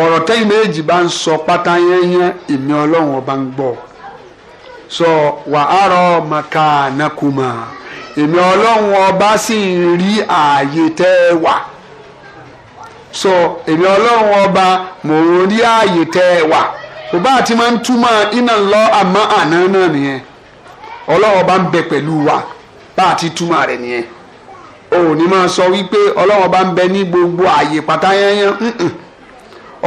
ọ̀rọ̀ tẹ́yìn méjì bá ń sọ pátá nye ìmí ọlọ́run ọba ń gbọ́ sọ wa màkà maka So, èmi ọlọ́run ọba sì ń rí ààyè tẹ́ so èmi ọlọ́run ọba mò ń rí ààyè tẹ́ ẹ wà òbá àti máa ń túmọ̀ iná lọ àmọ́ àná náà nìyẹn ọlọ́run ọba ń bẹ wa bá a ti túmọ̀ rẹ̀ nìyẹn o ò ní máa sọ wípé ọlọ́run ọba ń bẹ ní gbogbo ààyè pátá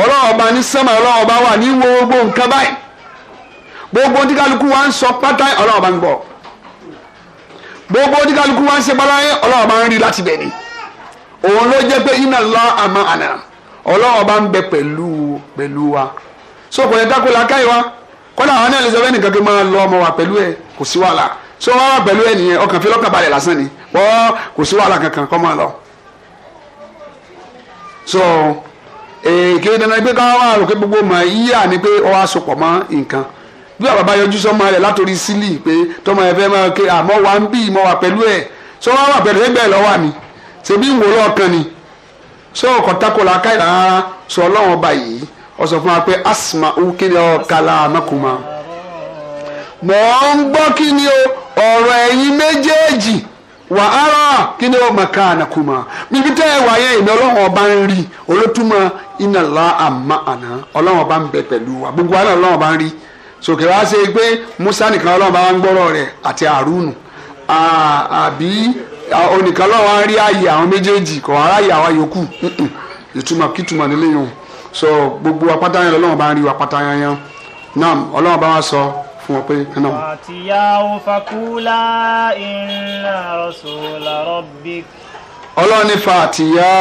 ọlọ́run ọba ní sẹ́mà ọlọ́run ọba wà ní gbogbo gbogbo oníkálukú wa ń ṣe bára yẹn ọlọ́wọ́ bá ń rí láti bẹ̀ ni òun ló jẹ́ pé iná lọ àmọ́ àná ọlọ́wọ́ bá ń bẹ pẹ̀lú pẹ̀lú wa so kò yẹ dákò la káyìí wa kọ́lá àwọn náà lè sọ fẹ́ nìkan kí n máa lọ ọmọ wa pẹ̀lú ẹ kò sí wàhálà so wàá wà pẹ̀lú ẹ nìyẹn ọkàn fi lọ́kàn balẹ̀ lásán ni wọ́n kò sí wàhálà kankan kọ́ máa lọ so èké dandan pé káwọn wà lókè gbogbo mọ̀ yíyà ni pé ọ wá sopọ̀ mọ́ nǹkan bí bàbá yọjú sọmọ rẹ látòrí sílì pé tọmọ ẹ fẹ́ máa ké àmọ́ wa ń bí ìmọ̀ wà pẹ̀lú sọ wá wà pẹ̀lú ẹgbẹ́ lọ́wọ́ mi ṣèbí ìwò lọ́ọ̀kan ni sọ ọkọ̀ tako la ká ìlànà sọ ọlọ́run ọba yìí ọ sọ fún wa pé òkèlè mọ̀ ń gbọ́ kí ni o ọ̀rọ̀ ẹ̀yin méjèèjì wà á rà kí ni o màkà níbi tẹ́ ẹ wà yẹn ìmọ̀ ọlọ́run ọba ń rí olótùmọ̀ ìnàlá ọba ń bẹ pẹ̀lú wa gbogbo àná ọba ń sòkè wá ṣe pé Musa nìkan Ọlọ́run bá wá ń gbọ́rọ̀ rẹ̀ àti Àrùnù àbí onìkan Ọlọ́run wá ń rí ààyè àwọn méjèèjì kò wá ráàyè àwa yòókù ìtumọ̀ kìtumọ̀ nílé yòó so gbogbo apáta yẹn Ọlọ́run bá ń rí apáta yẹn yẹn náà Ọlọ́run bá wá sọ fún wọn pé kanáà. àtìyáwó fakúlá iná rọ̀ṣọ̀lá rọ̀bì. ọlọ́ọ̀ni fa àtìyá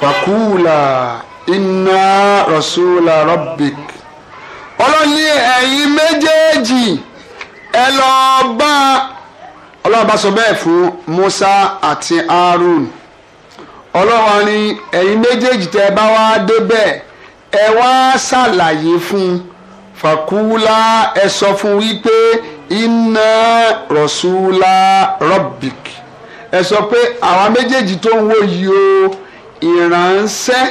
fakúlá iná rọ̀ṣọ̀lá rọ̀bì. ọlọ́ni ẹ̀yin méjèèjì ẹ lọ́ọ́ bá ọlọ́run bá sọ bẹ́ẹ̀ fún Musa àti Harun ọlọ́run ni ẹ̀yin méjèèjì tẹ́ ẹ bá wá dé bẹ́ẹ̀ ẹ wá ṣàlàyé fún fàkúlá ẹ sọ fún wípé iná rọ̀ṣúlà rọ̀bìk ẹ sọ pé àwa méjèèjì tó ń wò yìí o ìránṣẹ́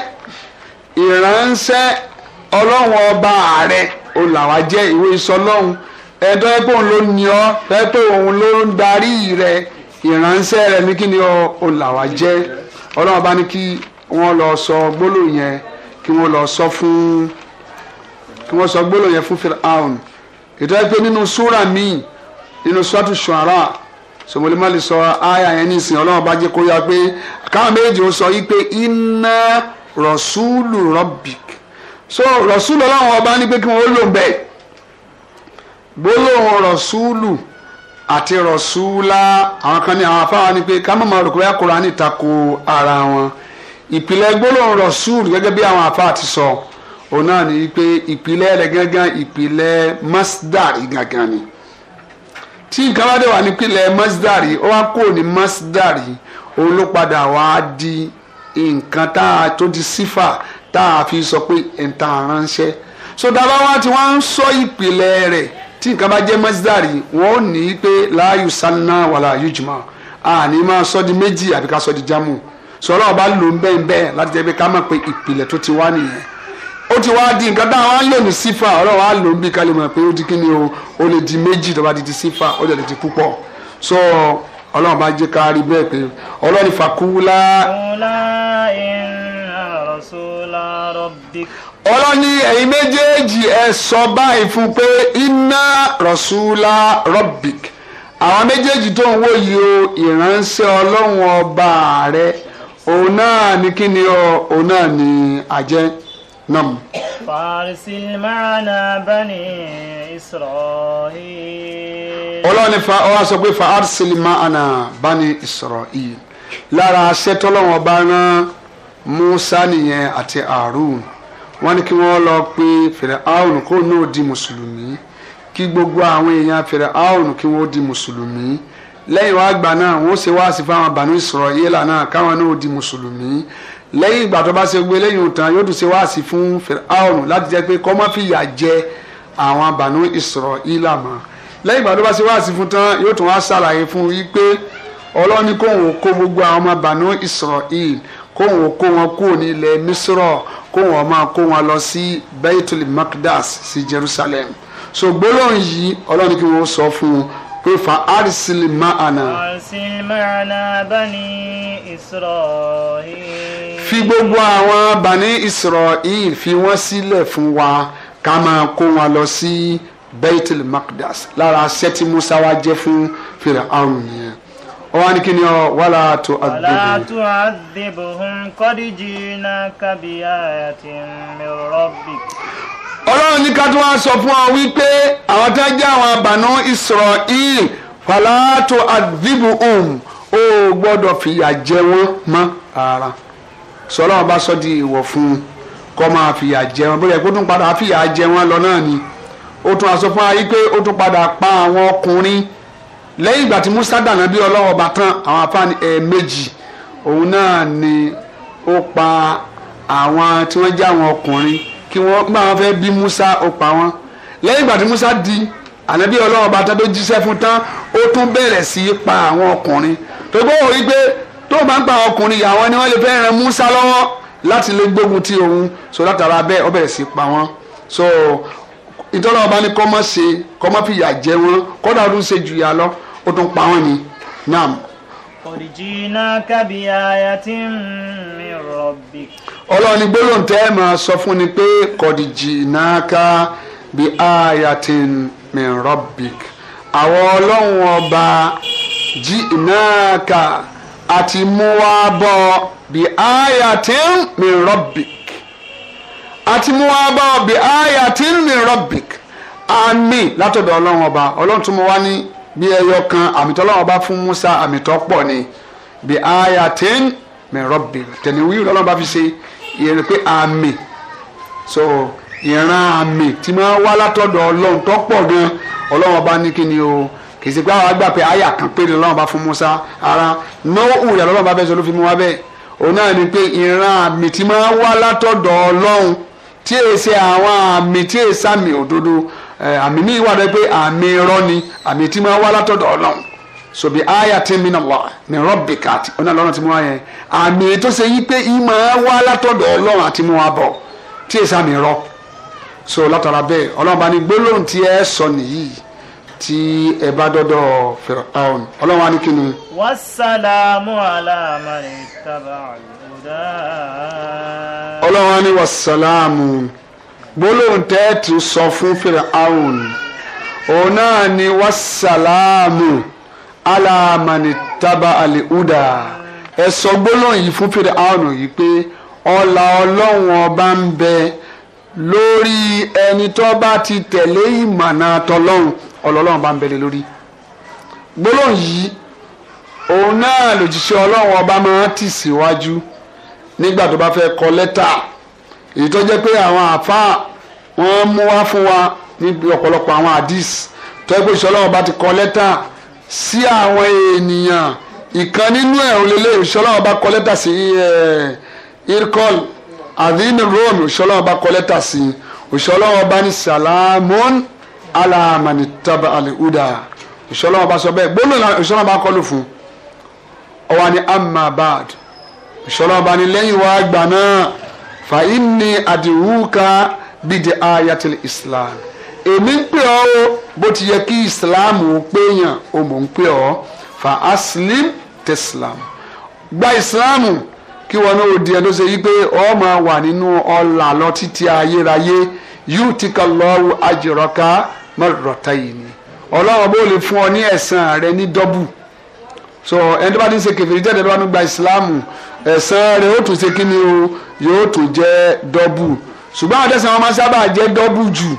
ìránṣẹ́ ọlọ́run ọba ààrẹ. olàwà jẹ́ ìwé ìsọlọ́hún ẹ̀dọ́ ẹ pé òun ló ní ọ ẹ pé òun ló ń darí rẹ ìránṣẹ́ rẹ ní kí ni ọ olàwà jẹ́ ọlọ́run bá ní kí wọ́n lọ sọ gbólóhùn yẹn kí wọ́n lọ sọ fún kí wọ́n sọ gbólóhùn yẹn fún Fir'aun ìtọ́ ẹ nínú súrà míì nínú sọ́tù ṣọ̀rà sọmọlẹ́mọ́lẹ́ sọ àyà yẹn nísìnyí ọlọ́run bá jẹ́ kó yá pé káwọn méjì ó sọ yí pé inna rasulu rabbik so rasulu ọlọ́run ọba ní pé kí wọ́n lò bẹ́ẹ̀ gbólóhùn rọ̀súlù àti rọ̀súlà àwọn kan ní àwọn afáwa ní pé ká má máa rò pé Kùránì tako ara wọn ìpìlẹ̀ gbólóhùn rọ̀súlù gẹ́gẹ́ bí àwọn afá ti sọ òun náà ní pé ìpìlẹ̀ rẹ̀ gángan ìpìlẹ̀ masdar gángan ni tí nǹkan bá dé wà nípìnlẹ̀ masdari ó wá kúrò ní masdari òun ló padà wá di nǹkan tá a tó di sífà tá a fi sọ pé ẹ̀ǹtà ránṣẹ́ so dábàá wá tí wọ́n ń sọ ìpìlẹ̀ rẹ̀ tí nǹkan bá jẹ́ mọ́sídàrí wọ́n ní pé láàyò sanna wàlà yujma àní máa sọ di méjì àbí ká sọ di jámù sọlá ọba lò ń bẹ́ẹ̀ bẹ́ẹ̀ láti jẹ́ pé ká mọ̀ pé ìpìlẹ̀ tó ti wá nìyẹn ó ti wá di nǹkan dáhùn á lò ní sífà ọ̀rọ̀ wa lò ń bí kálí mọ̀ pé ó di kíni o ó lè di méjì tó bá di di sífà ó lè di púpọ̀ so ọlọ́run bá jẹ́ ká bẹ́ẹ̀ pé ọlọ́run ọlọ́ni ẹ̀yin méjèèjì ẹ sọ báyìí fún pé iná rọ̀ṣúlá rọ̀bìk àwọn méjèèjì tó ń wòye o ìránṣẹ́ ọlọ́run ọba rẹ òun náà ni kí ni ọ òun náà ni náà. bani ọlọ́ni Musa nìyẹn àti Harun wọ́n ní kí wọ́n lọ pe fèrè aun kó náà di mùsùlùmí kí gbogbo àwọn èèyàn fèrè aun kí wọ́n di mùsùlùmí lẹ́yìn wá gbà náà wọ́n ṣe wá sí fáwọn Banu Israila náà káwọn náà di mùsùlùmí lẹ́yìn ìgbà tó bá ṣe gbé lẹ́yìn òtàn yóò tún ṣe wá sí fún fèrè aun láti jẹ́ pé kọ́mọ́ fìyà jẹ àwọn Banu Israila mọ́ lẹ́yìn ìgbà tó bá ṣe wá sí fún tán yóò tún wá ṣàlàyé fún yí pé ọlọ́ni kóhùn kó gbogbo àwọn ọmọ Banu Israila kóhun kó wọn kúrò ní ilẹ̀ misrọ̀ kóhun ó máa kó wọn lọ sí baitul makdas sí jerusalem so gbólóhùn yìí ọlọ́run kí wọ́n sọ fún un pé fa arsili ma'ana. arsili ma'ana bani israel. fi gbogbo àwọn bani israel fi wọ́n sílẹ̀ fún wa ká máa kó wọn lọ sí baitul makdas lára sẹ́tí musa wa jẹ́ fún fìrà àrùn yẹn ó wá ní kí ni ọ wàlá tó àdìbò. wàlá tó àdìbò hun kọ́díjì náà kábí àti mìrọ́bì. ọlọ́run ní ká tó wá sọ fún ọ wípé àwọn tá a jẹ́ àwọn àbànú Ísírẹ́lì wàlá tó àdìbò hun ó gbọ́dọ̀ fìyà jẹ wọ́n mọ́ ara sọlọ́run bá sọ di ìwọ̀ fún un kọ́ máa fìyà jẹ wọn bóyá kó tún padà fìyà jẹ wọn lọ náà ni ó tún aṣọ ayé pé ó tún padà pa àwọn ọkùnrin lẹ́yìn ìgbà tí Musa dànà bí ọlọ́wọ́ ọba tán àwọn afáàní ẹ̀ẹ̀mejì eh, òun náà ni ó pa àwọn tí wọ́n jẹ́ àwọn ọkùnrin kí wọ́n gbà wọ́n fẹ́ bí Musa ó pa wọ́n lẹ́yìn ìgbà tí Musa di ànábí ọlọ́wọ́ ọba tán tó jíṣẹ́ fún tán ó tún bẹ̀rẹ̀ sí í pa àwọn ọkùnrin tó gbọ́wọ́ yí pé tó bá ń pa àwọn ọkùnrin àwọn ni wọ́n lè fẹ́ ran Musa lọ́wọ́ láti lè gbógun ti òun so látara bẹ́ẹ̀ ó bẹ̀rẹ̀ sí í pa wọ́n so ìtọ́lá ọba ní kọ́ mọ́ ṣe kọ́ mọ́ fìyà jẹ wọn kọ́dà ọdún ṣe jù yà lọ ó tún pa wọn ni naam. kòrìjìnà kábí aya tí mi rọ̀bì. ọlọ́run ní gbólóhùn máa sọ fún ni pé kòrìjìnà ká bí aya tí mi rọ̀bì. àwọn ọlọ́run ọba jí iná ká àti mú wá bọ́ bí aya tí mi rọ̀bì àti mú wá bá ọ bí àyà tí ń mi rọbìk àmì látọ̀dọ̀ ọlọ́run ọba ọlọ́run tún mú wá ní bí ẹyọ kan àmì tọ́lọ́run ọba fún Musa àmì tó pọ̀ ni bí àyà tí ń mi rọbìk tẹ̀léwí ọlọ́run bá fi ṣe ìrìn pé àmì so ìran àmì tí máa wá látọ̀dọ̀ ọlọ́run tó pọ̀ gan ọlọ́run ọba ní kí ni o kì í ṣe pé àwọn àgbà pé àyà kan péré lọ́run bá fún Musa ara náwó òwúrẹ̀ lọ́run bá fẹ́ sọ ló fi mú wá bẹ́ẹ̀ òun náà ni pé tí e ṣe àwọn àmì tí e sàmì òdodo eh, àmì ní ìwà rẹ pé àmì irọ́ ni àmì tí máa wá látọ̀dọ̀ ọlọ́run sobi aya ti mi nàlọ mi rọbì kàti ọ̀nà lọ́rùn tí mo wá yẹn àmì tó ṣe yí pé ìmọ̀ wá látọ̀dọ̀ ọlọ́run àti mo wá bọ̀ tí e sàmì rọ so látara bẹ́ẹ̀ ọlọ́run bá ní gbólóhùn tí ẹ sọ nìyí tí ẹ bá dọ́dọ̀ fẹ̀rẹ̀ ọlọ́run á ní kí ni. wàsálàmù aláàmàlì tábà àlù. ọlọ́wọ́n ni wàsálàmù gbólóhùn sọ fún firaun òun náà ni wàsálàmù aláàmàní tábà huda ẹ sọ gbólóhùn yìí fún firaun yìí pé ọ̀la ọlọ́run ọba ń bẹ lórí ẹni tó bá ti tẹ̀lé ìmọ̀nà tọlọ́run ọlọ́run bá ń bẹ lé lórí gbólóhùn yìí òun náà lòjíṣẹ́ ọlọ́run ọba máa tì síwájú. Si nígbà tó bá fẹ́ kọ lẹ́tà èyí tó jẹ́ pé àwọn àfáà wọ́n mú wá fún wa níbi ọ̀pọ̀lọpọ̀ àwọn hadis tó yẹ pé ìṣọ́lá ọba ti kọ lẹ́tà sí àwọn ènìyàn ìkan nínú ẹ̀ ò lélẹ̀ ìṣọ́lá ọba kọ lẹ́tà sí eh, irkol adini rome ìṣọ́lá ọba kọ lẹ́tà sí ìṣọ́lá ọba ní salamon alamani taba alihuda ìṣọ́lá ọba sọ bẹ́ẹ̀ gbólóhùn ìṣọ́lá ọba kọlù fún ọwọ́ ni amma bad ìṣọlá ọba ni lẹ́yìn wá gbà náà fa inni àdìrúkà bíi di ayatul islam èmi ń pè ọ́ o bó ti yẹ kí islam ò péyàn o mò ń pè ọ́ fa aslim teslam gba islam kí wọn náà di ẹni tó ṣe yí pé ọ máa wà nínú ọlà lọ títí ayérayé yóò ti kà lọ́wọ́ àjẹrọ́ká mọ́rọ̀tà yìí ni ọlọ́run bó lè fún ọ ní ẹ̀san rẹ ní dọ́bù so ẹni tó bá ti ń ṣe kèfèrí jẹ́ ẹ̀dẹ́ bá ń gba islam ẹ̀san rẹ̀ ó tún ṣe kí ni o yóò tún jẹ́ dọ́bù ṣùgbọ́n àwọn tẹ̀sán wọn máa sábà jẹ́ dọ́bù jù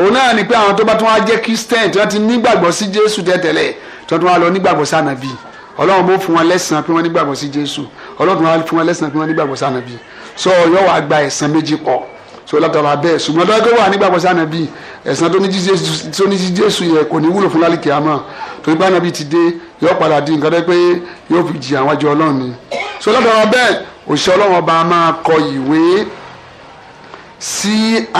òun náà ni pé àwọn tó bá tún wá jẹ́ Christian tí wọ́n ti nígbàgbọ́ sí Jésù tẹ́tẹ̀lẹ̀ tí wọ́n tún wá lọ nígbàgbọ́ sí ànàbì Ọlọ́run bó fún wọn lẹ́san pé wọ́n nígbàgbọ́ sí Jésù Ọlọ́run wá fún wọn lẹ́san pé wọ́n nígbàgbọ́ sí ànàbì sọ yóò wá gba ẹ̀san méjì pọ̀ so látara bẹ́ẹ̀ ṣùgbọ́n tó wà nígbàgbọ́ sí ànàbì ẹ̀san tó ní sí Jésù yẹ kò ní wúlò fún lálẹ́ kìámà torí pé ànàbì ti dé yóò padà di nǹkan tó pé yóò fi jì àwọn àjọ Ọlọ́run ni so látara bẹ́ẹ̀ òṣìṣẹ́ ọlọ́run ọba máa kọ ìwé sí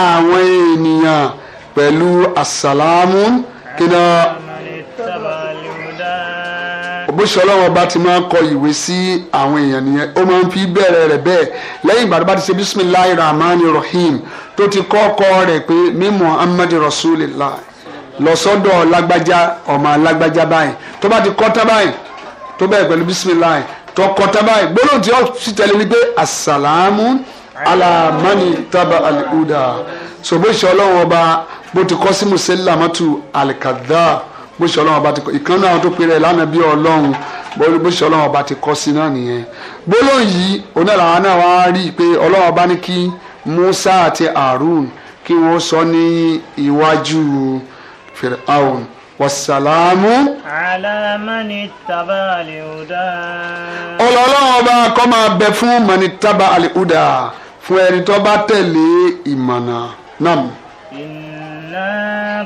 àwọn ènìyàn pẹ̀lú àsàlámù kíná òbúṣe ọlọ́run ọba ti máa kọ ìwé sí àwọn èèyàn nìyẹn ó máa ń fi bẹ̀rẹ̀ rẹ̀ bẹ́ẹ̀ lẹ́yìn ìgbà tó bá ti ṣe bisimilahi rahmani rahim tó ti kọ́ ọkọ rẹ̀ pé mi muhammad rasulillah lọ́sọ́dọ̀ lágbájá ọmọ lágbájá báyìí tó bá ti kọ́ tá báyìí tó bẹ̀rẹ̀ pẹ̀lú bisimilahi tọkọ taba yìí gbólóhùn tí ó sì tẹ̀lé ni pé asàlámù alamani taba alihuda sọgbẹ́sẹ̀ ọlọ́run ọba bó ti kọ́ sí musalamatu alikada bó ṣe ọlọ́run ọba ti kọ́ ìkan náà tó péré lánàá bí ọlọ́run bó ṣe ọlọ́run ọba ti kọ́ sí náà nìyẹn gbólóhùn yìí onílànà náà wá rí i pé ọlọ́run ọba ní kí Musa àti Harun kí wọ́n sọ ní iwájú Fir'aun wàsálàmù. alámánì tábà àlèhùdà. ọlọ́lọ́wọ́ ọba kọ́ máa bẹ fún mani tábà àlèhùdà fún ẹni tó bá tẹ̀lé ìmọ̀nà náà. inna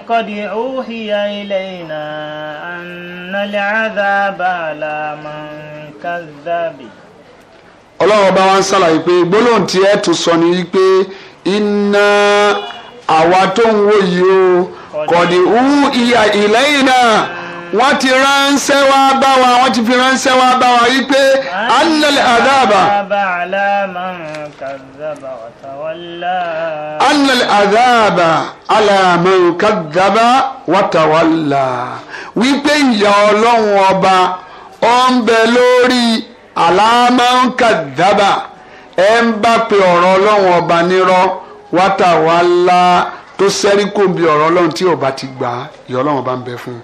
qad uhiya ilayna anna al-adhaba ala man kadhabi. ọlọ́wọ́ ọba wa ń ṣàlàyé pé gbólóhùn tí ẹ̀ tún sọ ni wípé iná àwa tó ń wò yìí o kọ̀dí hu ìyá ìlẹ́yìn náà wọ́n ti ránṣẹ́ wá bá wa wọ́n ti fi ránṣẹ́ wá bá wa yí pé annal adaba annal adaba ala man kadaba wa tawalla wípé ìyà ọlọ́run ọba ó ń bẹ lórí ala man kadaba ẹ ń bá pe ọ̀rọ̀ ọlọ́run ọba nírọ́ wa tawalla tó sẹ́rí kò ń bi ọ̀rọ̀ ọlọ́run tí ọba ti gbà á ìyà ọlọ́run ọba ń bẹ fún un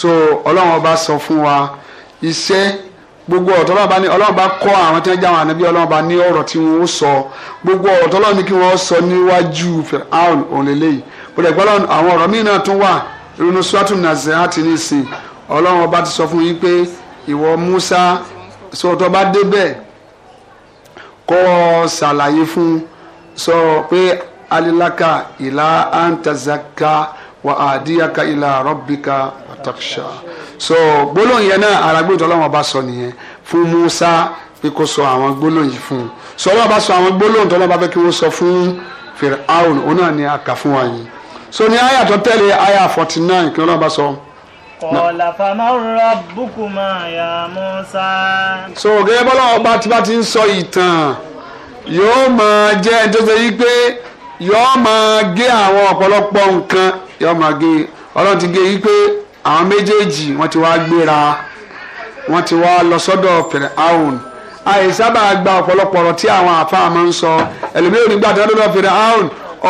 so ọlọ́run ọba sọ fún wa iṣẹ́ gbogbo ọ̀tọ́ ọlọ́run bá ní ọlọ́run bá kọ́ àwọn tí wọ́n já àwọn ànábí ọlọ́run bá ní ọ̀rọ̀ tí wọ́n sọ gbogbo ọ̀tọ́ ọlọ́run ní kí wọ́n sọ níwájú fẹ̀ràn òǹlẹ́lẹ́yìí bọ̀dẹ̀ gbọ́dọ̀ àwọn ọ̀rọ̀ míì náà tún wà irun suwatu nazeati nisin ọlọ́run ọba ti sọ fún yín pé ìwọ Musa sọ̀tọ̀ bá débẹ̀ kọ́ ṣàlàyé fún sọ pé alilaka ila antazaka wa adiyaka ila rabbika wataksha so gbólóhùn yẹn náà aragbóòtú ọlọ́run ọba sọ nìyẹn fún Musa pé kó sọ àwọn gbólóhùn yìí fún un sọ ọlọ́run ọba sọ àwọn gbólóhùn tó ọlọ́run ọba fẹ́ kí wọ́n sọ fún Fir'aun òun náà ni a kà fún wa yìí so ní àyà tó tẹ̀lé àyà forty nine kí ọlọ́run ọba sọ. Qala faman rabbukuma ya Musa. so gẹ́gẹ́ bọ́lá ọba tí bá ti ń sọ ìtàn yóò máa jẹ́ ẹni tó ṣe yí pé yọọ máa gé àwọn ọ̀pọ̀lọpọ̀ nǹkan yọọ máa gé ọlọ́run ti gé yí pé àwọn méjèèjì wọ́n ti wá gbéra wọ́n ti wá lọ sọ́dọ̀ fèrè áhùn àìsábà gba ọ̀pọ̀lọpọ̀ ọ̀rọ̀ tí àwọn àfáà máa ń sọ ẹlòmíràn nígbà tí wọ́n dọ́dọ̀ fèrè áhùn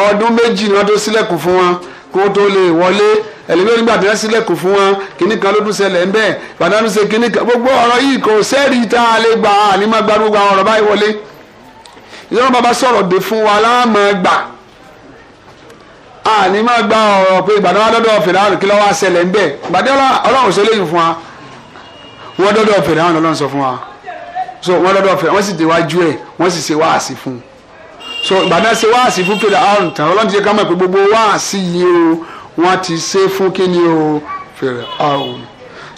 ọdún méjì ni wọ́n tó sílẹ̀kùn fún wọn kó tó lè wọlé ẹlòmíràn nígbà tí wọ́n sílẹ̀kùn fún wọn kíní kan ló tún ṣẹlẹ̀ ń bẹ̀ bàdánù ṣe kíní kan gbogbo ọ̀rọ̀ yìí kò sẹ́ẹ̀rì tá a lè gbà á ní má gbàdúgbà ọ̀rọ̀ báyìí wọlé ìjọba bàbá sọ̀rọ̀ dé fún wa láàmú gbà àní máa gba ọ̀rọ̀ pé ìgbà tó wá dọ́dọ̀ fìdáhùn kí lọ́wọ́ àṣẹlẹ̀ ń bẹ̀ gbàdé ọlọ́run ṣe léyìn fún wa wọ́n dọ́dọ̀ fìdáhùn ọlọ́run sọ fún wa so wọ́n dọ́dọ̀ fìdáhùn wọ́n sì déwájú ẹ̀ wọ́n sì ṣe wáàsí fún un so gbàdá ṣe wáàsí fún fìdáhùn tán ọlọ́run ti ṣe ká mọ̀ pé gbogbo wáàsí yìí o wọ́n ti ṣe fún kí ni o fìdáhùn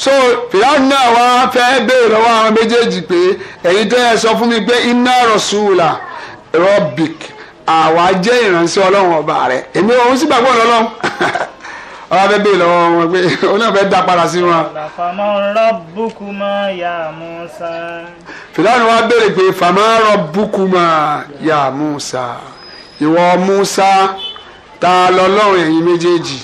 so fìdáhùn náà wá fẹ́ béèrè lọ́wọ́ àwọn méjèèjì pé ẹ̀yin tẹ́ ẹ sọ fún mi pé inna rasula rabbik àwa jẹ́ ìránṣẹ́ ọlọ́run ọba rẹ̀ èmi òun sì gbàgbọ́ ọlọ́run ọba fẹ́ bèè lọ́wọ́ wọn pé òun náà fẹ́ dá padà sí wọn. fàmọ́ rọ búkúmọ́ yà Mùsà. fìlànà wa béèrè pé fàmọ́ rọ búkúmọ́ yà Mùsà ìwọ Mùsà ta lọ́lọ́run ẹ̀yin méjèèjì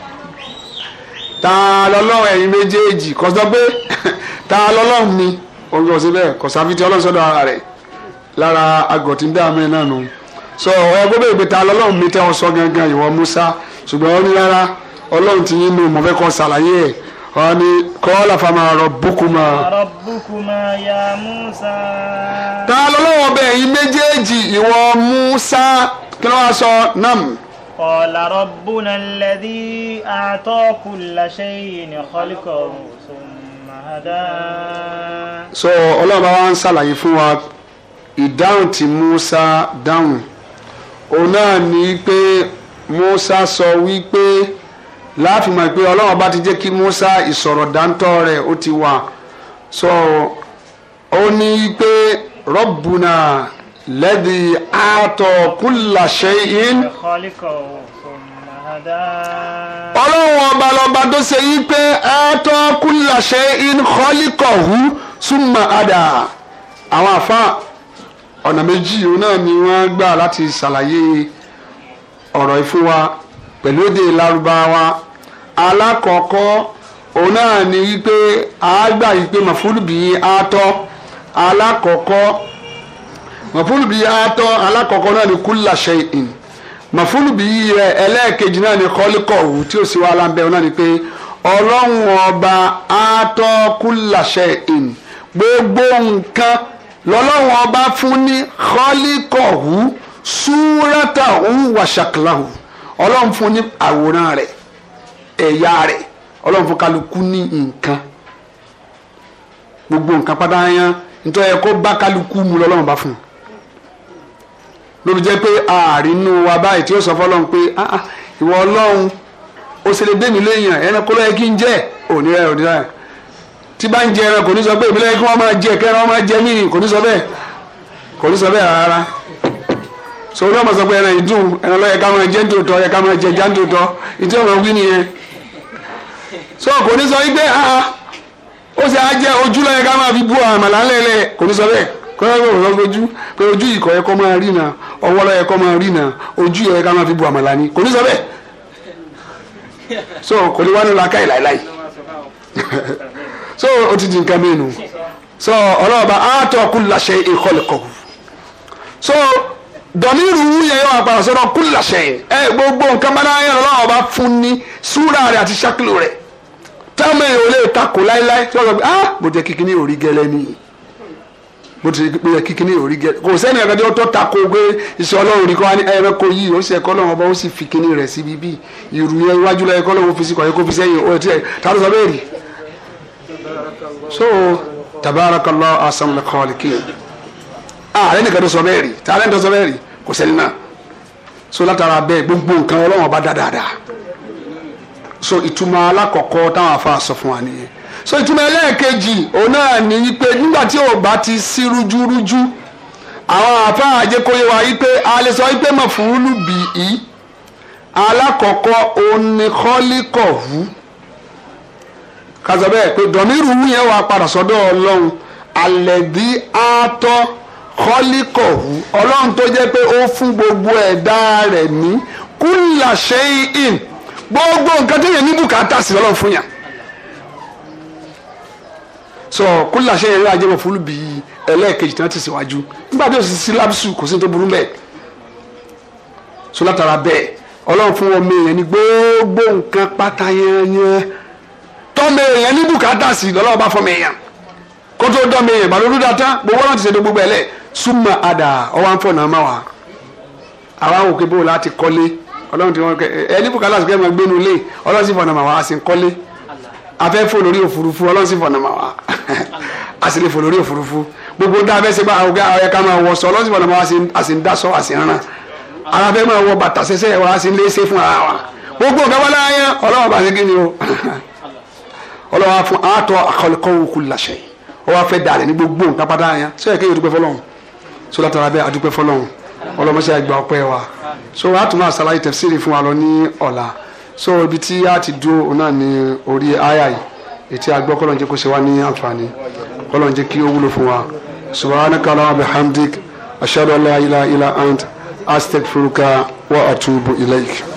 ta lọ́lọ́run ẹ̀yin méjèèjì kọ́sọ́ ta lọ́lọ́run mi òun kò sí bẹ́ẹ̀ kọ́sọ́ ọlọ́run sọ́dọ̀ ara rẹ̀ lára agọ̀ tí ń dá àmì náà nù so ọ̀yọ́ gbọ́dọ̀ ìgbẹ́ta ọlọ́run mi tẹ́ wọn sọ gangan ìwọ Musa ṣùgbọ́n ó ní rárá ọlọ́run ti yín nù mọ̀ fẹ́ kọ́ ṣàlàyé ẹ̀ wọ́n ní kọ́lá fama rabbukuma. rabbukuma ya Musa. ta lọ́lọ́wọ́ bẹ́ẹ̀ yín méjèèjì ìwọ Musa kí ló wá sọ nam. qala rabbuna alladhi a'ta kulla shay'in khalqahu thumma hada. so ọlọ́run bá wa ń ṣàlàyé fún wa ìdáhùn tí Musa dáhùn òun náà ní pé Musa sọ wípé láàfin mọ̀ pé Ọlọ́run bá ti jẹ́ kí Musa ìsọ̀rọ̀ dáńtọ́ rẹ̀ ó ti wà sọ ó ní pé Rabbuna lẹ́dí àtọ̀ kulla shay'in. Ọlọ́run ọba lọ́ba tó ṣe yí pé àtọ̀ kulla shay'in khaliqahu summa ada àwọn àfáà ọ̀nà méjì òun náà ni wọ́n gbà láti ṣàlàyé ọ̀rọ̀ ìfún wa pẹ̀lú èdè Lárúbáwá alákọ̀ọ́kọ́ òun náà ni wípé a gbà yìí pé màfúlùbí á tọ́ alákọ̀ọ́kọ́ màfúlùbí á tọ́ alákọ̀ọ́kọ́ náà ni kúlà ṣẹ́yìn màfúlùbí rẹ̀ ẹlẹ́ẹ̀kejì náà ni kọ́líkọ̀wù tí ó sì wá lábẹ́ òun náà ni pé ọlọ́run ọba á kúlà ṣẹ́yìn gbogbo nǹkan lọ́lọ́run ọba fún ní kọ́líkọ̀hù súrátàhù wàṣàkìláhù ọlọ́run fún ní àwòrán rẹ̀ ẹ̀yà rẹ̀ ọlọ́run fún kálukú ní nǹkan gbogbo nǹkan pátá nítorí ẹ kó bá kálukú mu lọ́lọ́run fún jẹ́ pé ààrin inú wa báyìí tí ó sọ fọlọ́run pé ah, ah, ìwọ ọlọ́run ó ṣe lè dé tí bá ń jẹ ẹran kò ní sọ pé ìbílẹ̀ kí wọ́n máa jẹ kẹ́ran wọ́n máa jẹ mí kò ní sọ bẹ́ẹ̀ kò ní sọ bẹ́ẹ̀ rárá so ní ọmọ sọ pé ẹran ìdùn ẹran lọ yẹ ká máa jẹ ń tòótọ́ yẹ ká máa jẹ já ń tòótọ́ ìdí ọ̀rọ̀ wí nìyẹn so kò ní sọ wípé ah, ah ó sì á jẹ ojú lọ yẹ ká máa fi bú àmàlà ńlẹ̀ẹ́lẹ̀ kò ní sọ bẹ́ẹ̀ kò ní sọ pé ojú pé ojú yìí kò yẹ kó máa rí na ọwọ́ lọ yẹ máa rí na ojú yẹ ká máa fi bú àmàlà ni kò ní sọ bẹ́ẹ̀ so kò ní wá ní làákàyè láìláì so o ti di nǹkan mi nù so ọlọ́run bá àtọ̀ kulla shay'in so dọ̀míìrù wú yẹn yóò àpàrà sọ́dọ̀ kulla shay'in ẹ gbogbo nǹkan bá dáhùn yẹn ọlọ́run bá fún ní súra rẹ̀ àti ṣákìlù rẹ̀ táwọn èèyàn ò lè takò láéláé tí wọ́n sọ pé ah mo jẹ kíkiní ò rí gẹ́lẹ́ ní mo ti pe kíkiní ò rí gẹ́lẹ́ kò sẹ́ni ẹ̀ka tí ó tọ́ takò pé iṣẹ́ ọlọ́run rí kọ́ wá ní ẹ̀rẹ́ kò yí ó sì ẹ̀kọ́ lọ́wọ́ bá ó sì fi kíní rẹ̀ síbi bíi ìrù yẹn iwájú lọ́yẹ̀kọ́ lọ́wọ́ fi sí kọ́ yẹ kó fi sẹ́yìn ó tiẹ̀ tá ló sọ bẹ́ẹ̀ rí so tabarakallahu ahsanul khaliqin ààrẹ ah, nìkan tó sọ bẹ́ẹ̀ rí tààrẹ nìkan tó sọ bẹ́ẹ̀ rí kò sẹ́ni náà so látara bẹ́ẹ̀ gbogbo nǹkan ọlọ́wọ́n bá dáadáa so ìtumọ̀ alákọ̀ọ́kọ́ táwọn afa sọ fún wa nìyẹn so ìtumọ̀ ẹlẹ́ẹ̀kejì òun náà ní wípé nígbà tí ò bá ti sí rújúrújú àwọn afa àjẹkọyẹ wa wípé a lè sọ wípé mọ̀fúrúlù bì í alákọ̀ọ́kọ́ òun ni kọ́líkọ̀ọ́hù kàtọ́ bẹ́ẹ̀ pé dọ̀míìrù wù yẹn wà padà sọ́dọ̀ ọlọ́run àlẹ́dí àtọ́ kọ́líkọ̀hù ọlọ́run tó jẹ́ pé ó fún gbogbo ẹ̀dá rẹ̀ ní kúlà ṣẹ́yìn gbogbo nǹkan tó yẹn ní bùkátà sí ọlọ́run fún yàn so kúlà ṣẹ́yìn rẹ̀ ajẹ́bọ̀ fúlù bí ẹlẹ́ẹ̀kejì tí wọ́n ti síwájú nígbà tí sì sí lábùsù kò sí ní tó burú mẹ́ẹ̀ so látara bẹ́ẹ̀ ọlọ́run fún ọmọ èèyàn ní gbogbo nǹkan pátá yẹn yẹn tọ́mọ èèyàn ní bùkátà sí lọ́lọ́wọ́ bá fọmọ èèyàn kó tó dọ́mọ èèyàn gbàdúró dáadáa gbogbo ọlọ́run ti ṣètò gbogbo ẹ̀ lẹ̀ súnmọ́ àdà ọwọ́ à ń fọ̀nà máa wà àwa wò pé bóòlù láti kọ́lé ọlọ́run ti wọ́n kẹ́ ẹ ní bùkátà sí kẹ́mọ̀ gbénu lé ọlọ́run sì fọ̀nà máa wà á sì ń kọ́lé afẹ́ fò lórí òfurufú ọlọ́run sì fọ̀nà máa wà á sì lè fò lórí gbogbo dá abẹ́ sẹ́gbà ọ̀gá ọ̀yẹ́ ká máa wọ̀ sọ ọlọ́run sì fọ̀nà máa wà á sì ń dasọ á sì ń rán ara fẹ́ máa wọ wa á sì ń fún ara wa gbogbo ọ̀gá wọn láyé ọlọ́run bá ṣe kí ni o ọlọ́wọ́ á fún àtọ́ àkọlùkọ́wò kù làṣẹ ọwọ́ á fẹ́ dàrẹ́ ní gbogbo nǹkan pátá yẹn sọ yẹ kéèyàn dúpẹ́ fọlọ́run so látara bẹ́ẹ̀ adúpẹ́ fọlọ́run ọlọ́mọṣẹ́ àgbà ọpẹ́ wa so a tún máa ṣàlàyé tẹ̀síìrì fún wa lọ ní ọ̀la so ibi tí a ti dúró náà ní orí àyà yìí ètí àgbọ̀ kọ́lọ́n jẹ́ kó ṣe wá ní àǹfààní kọ́lọ́n jẹ́ kí ó wúlò fún wa subhanaka allahumma bihamdik wa atubu ilayk.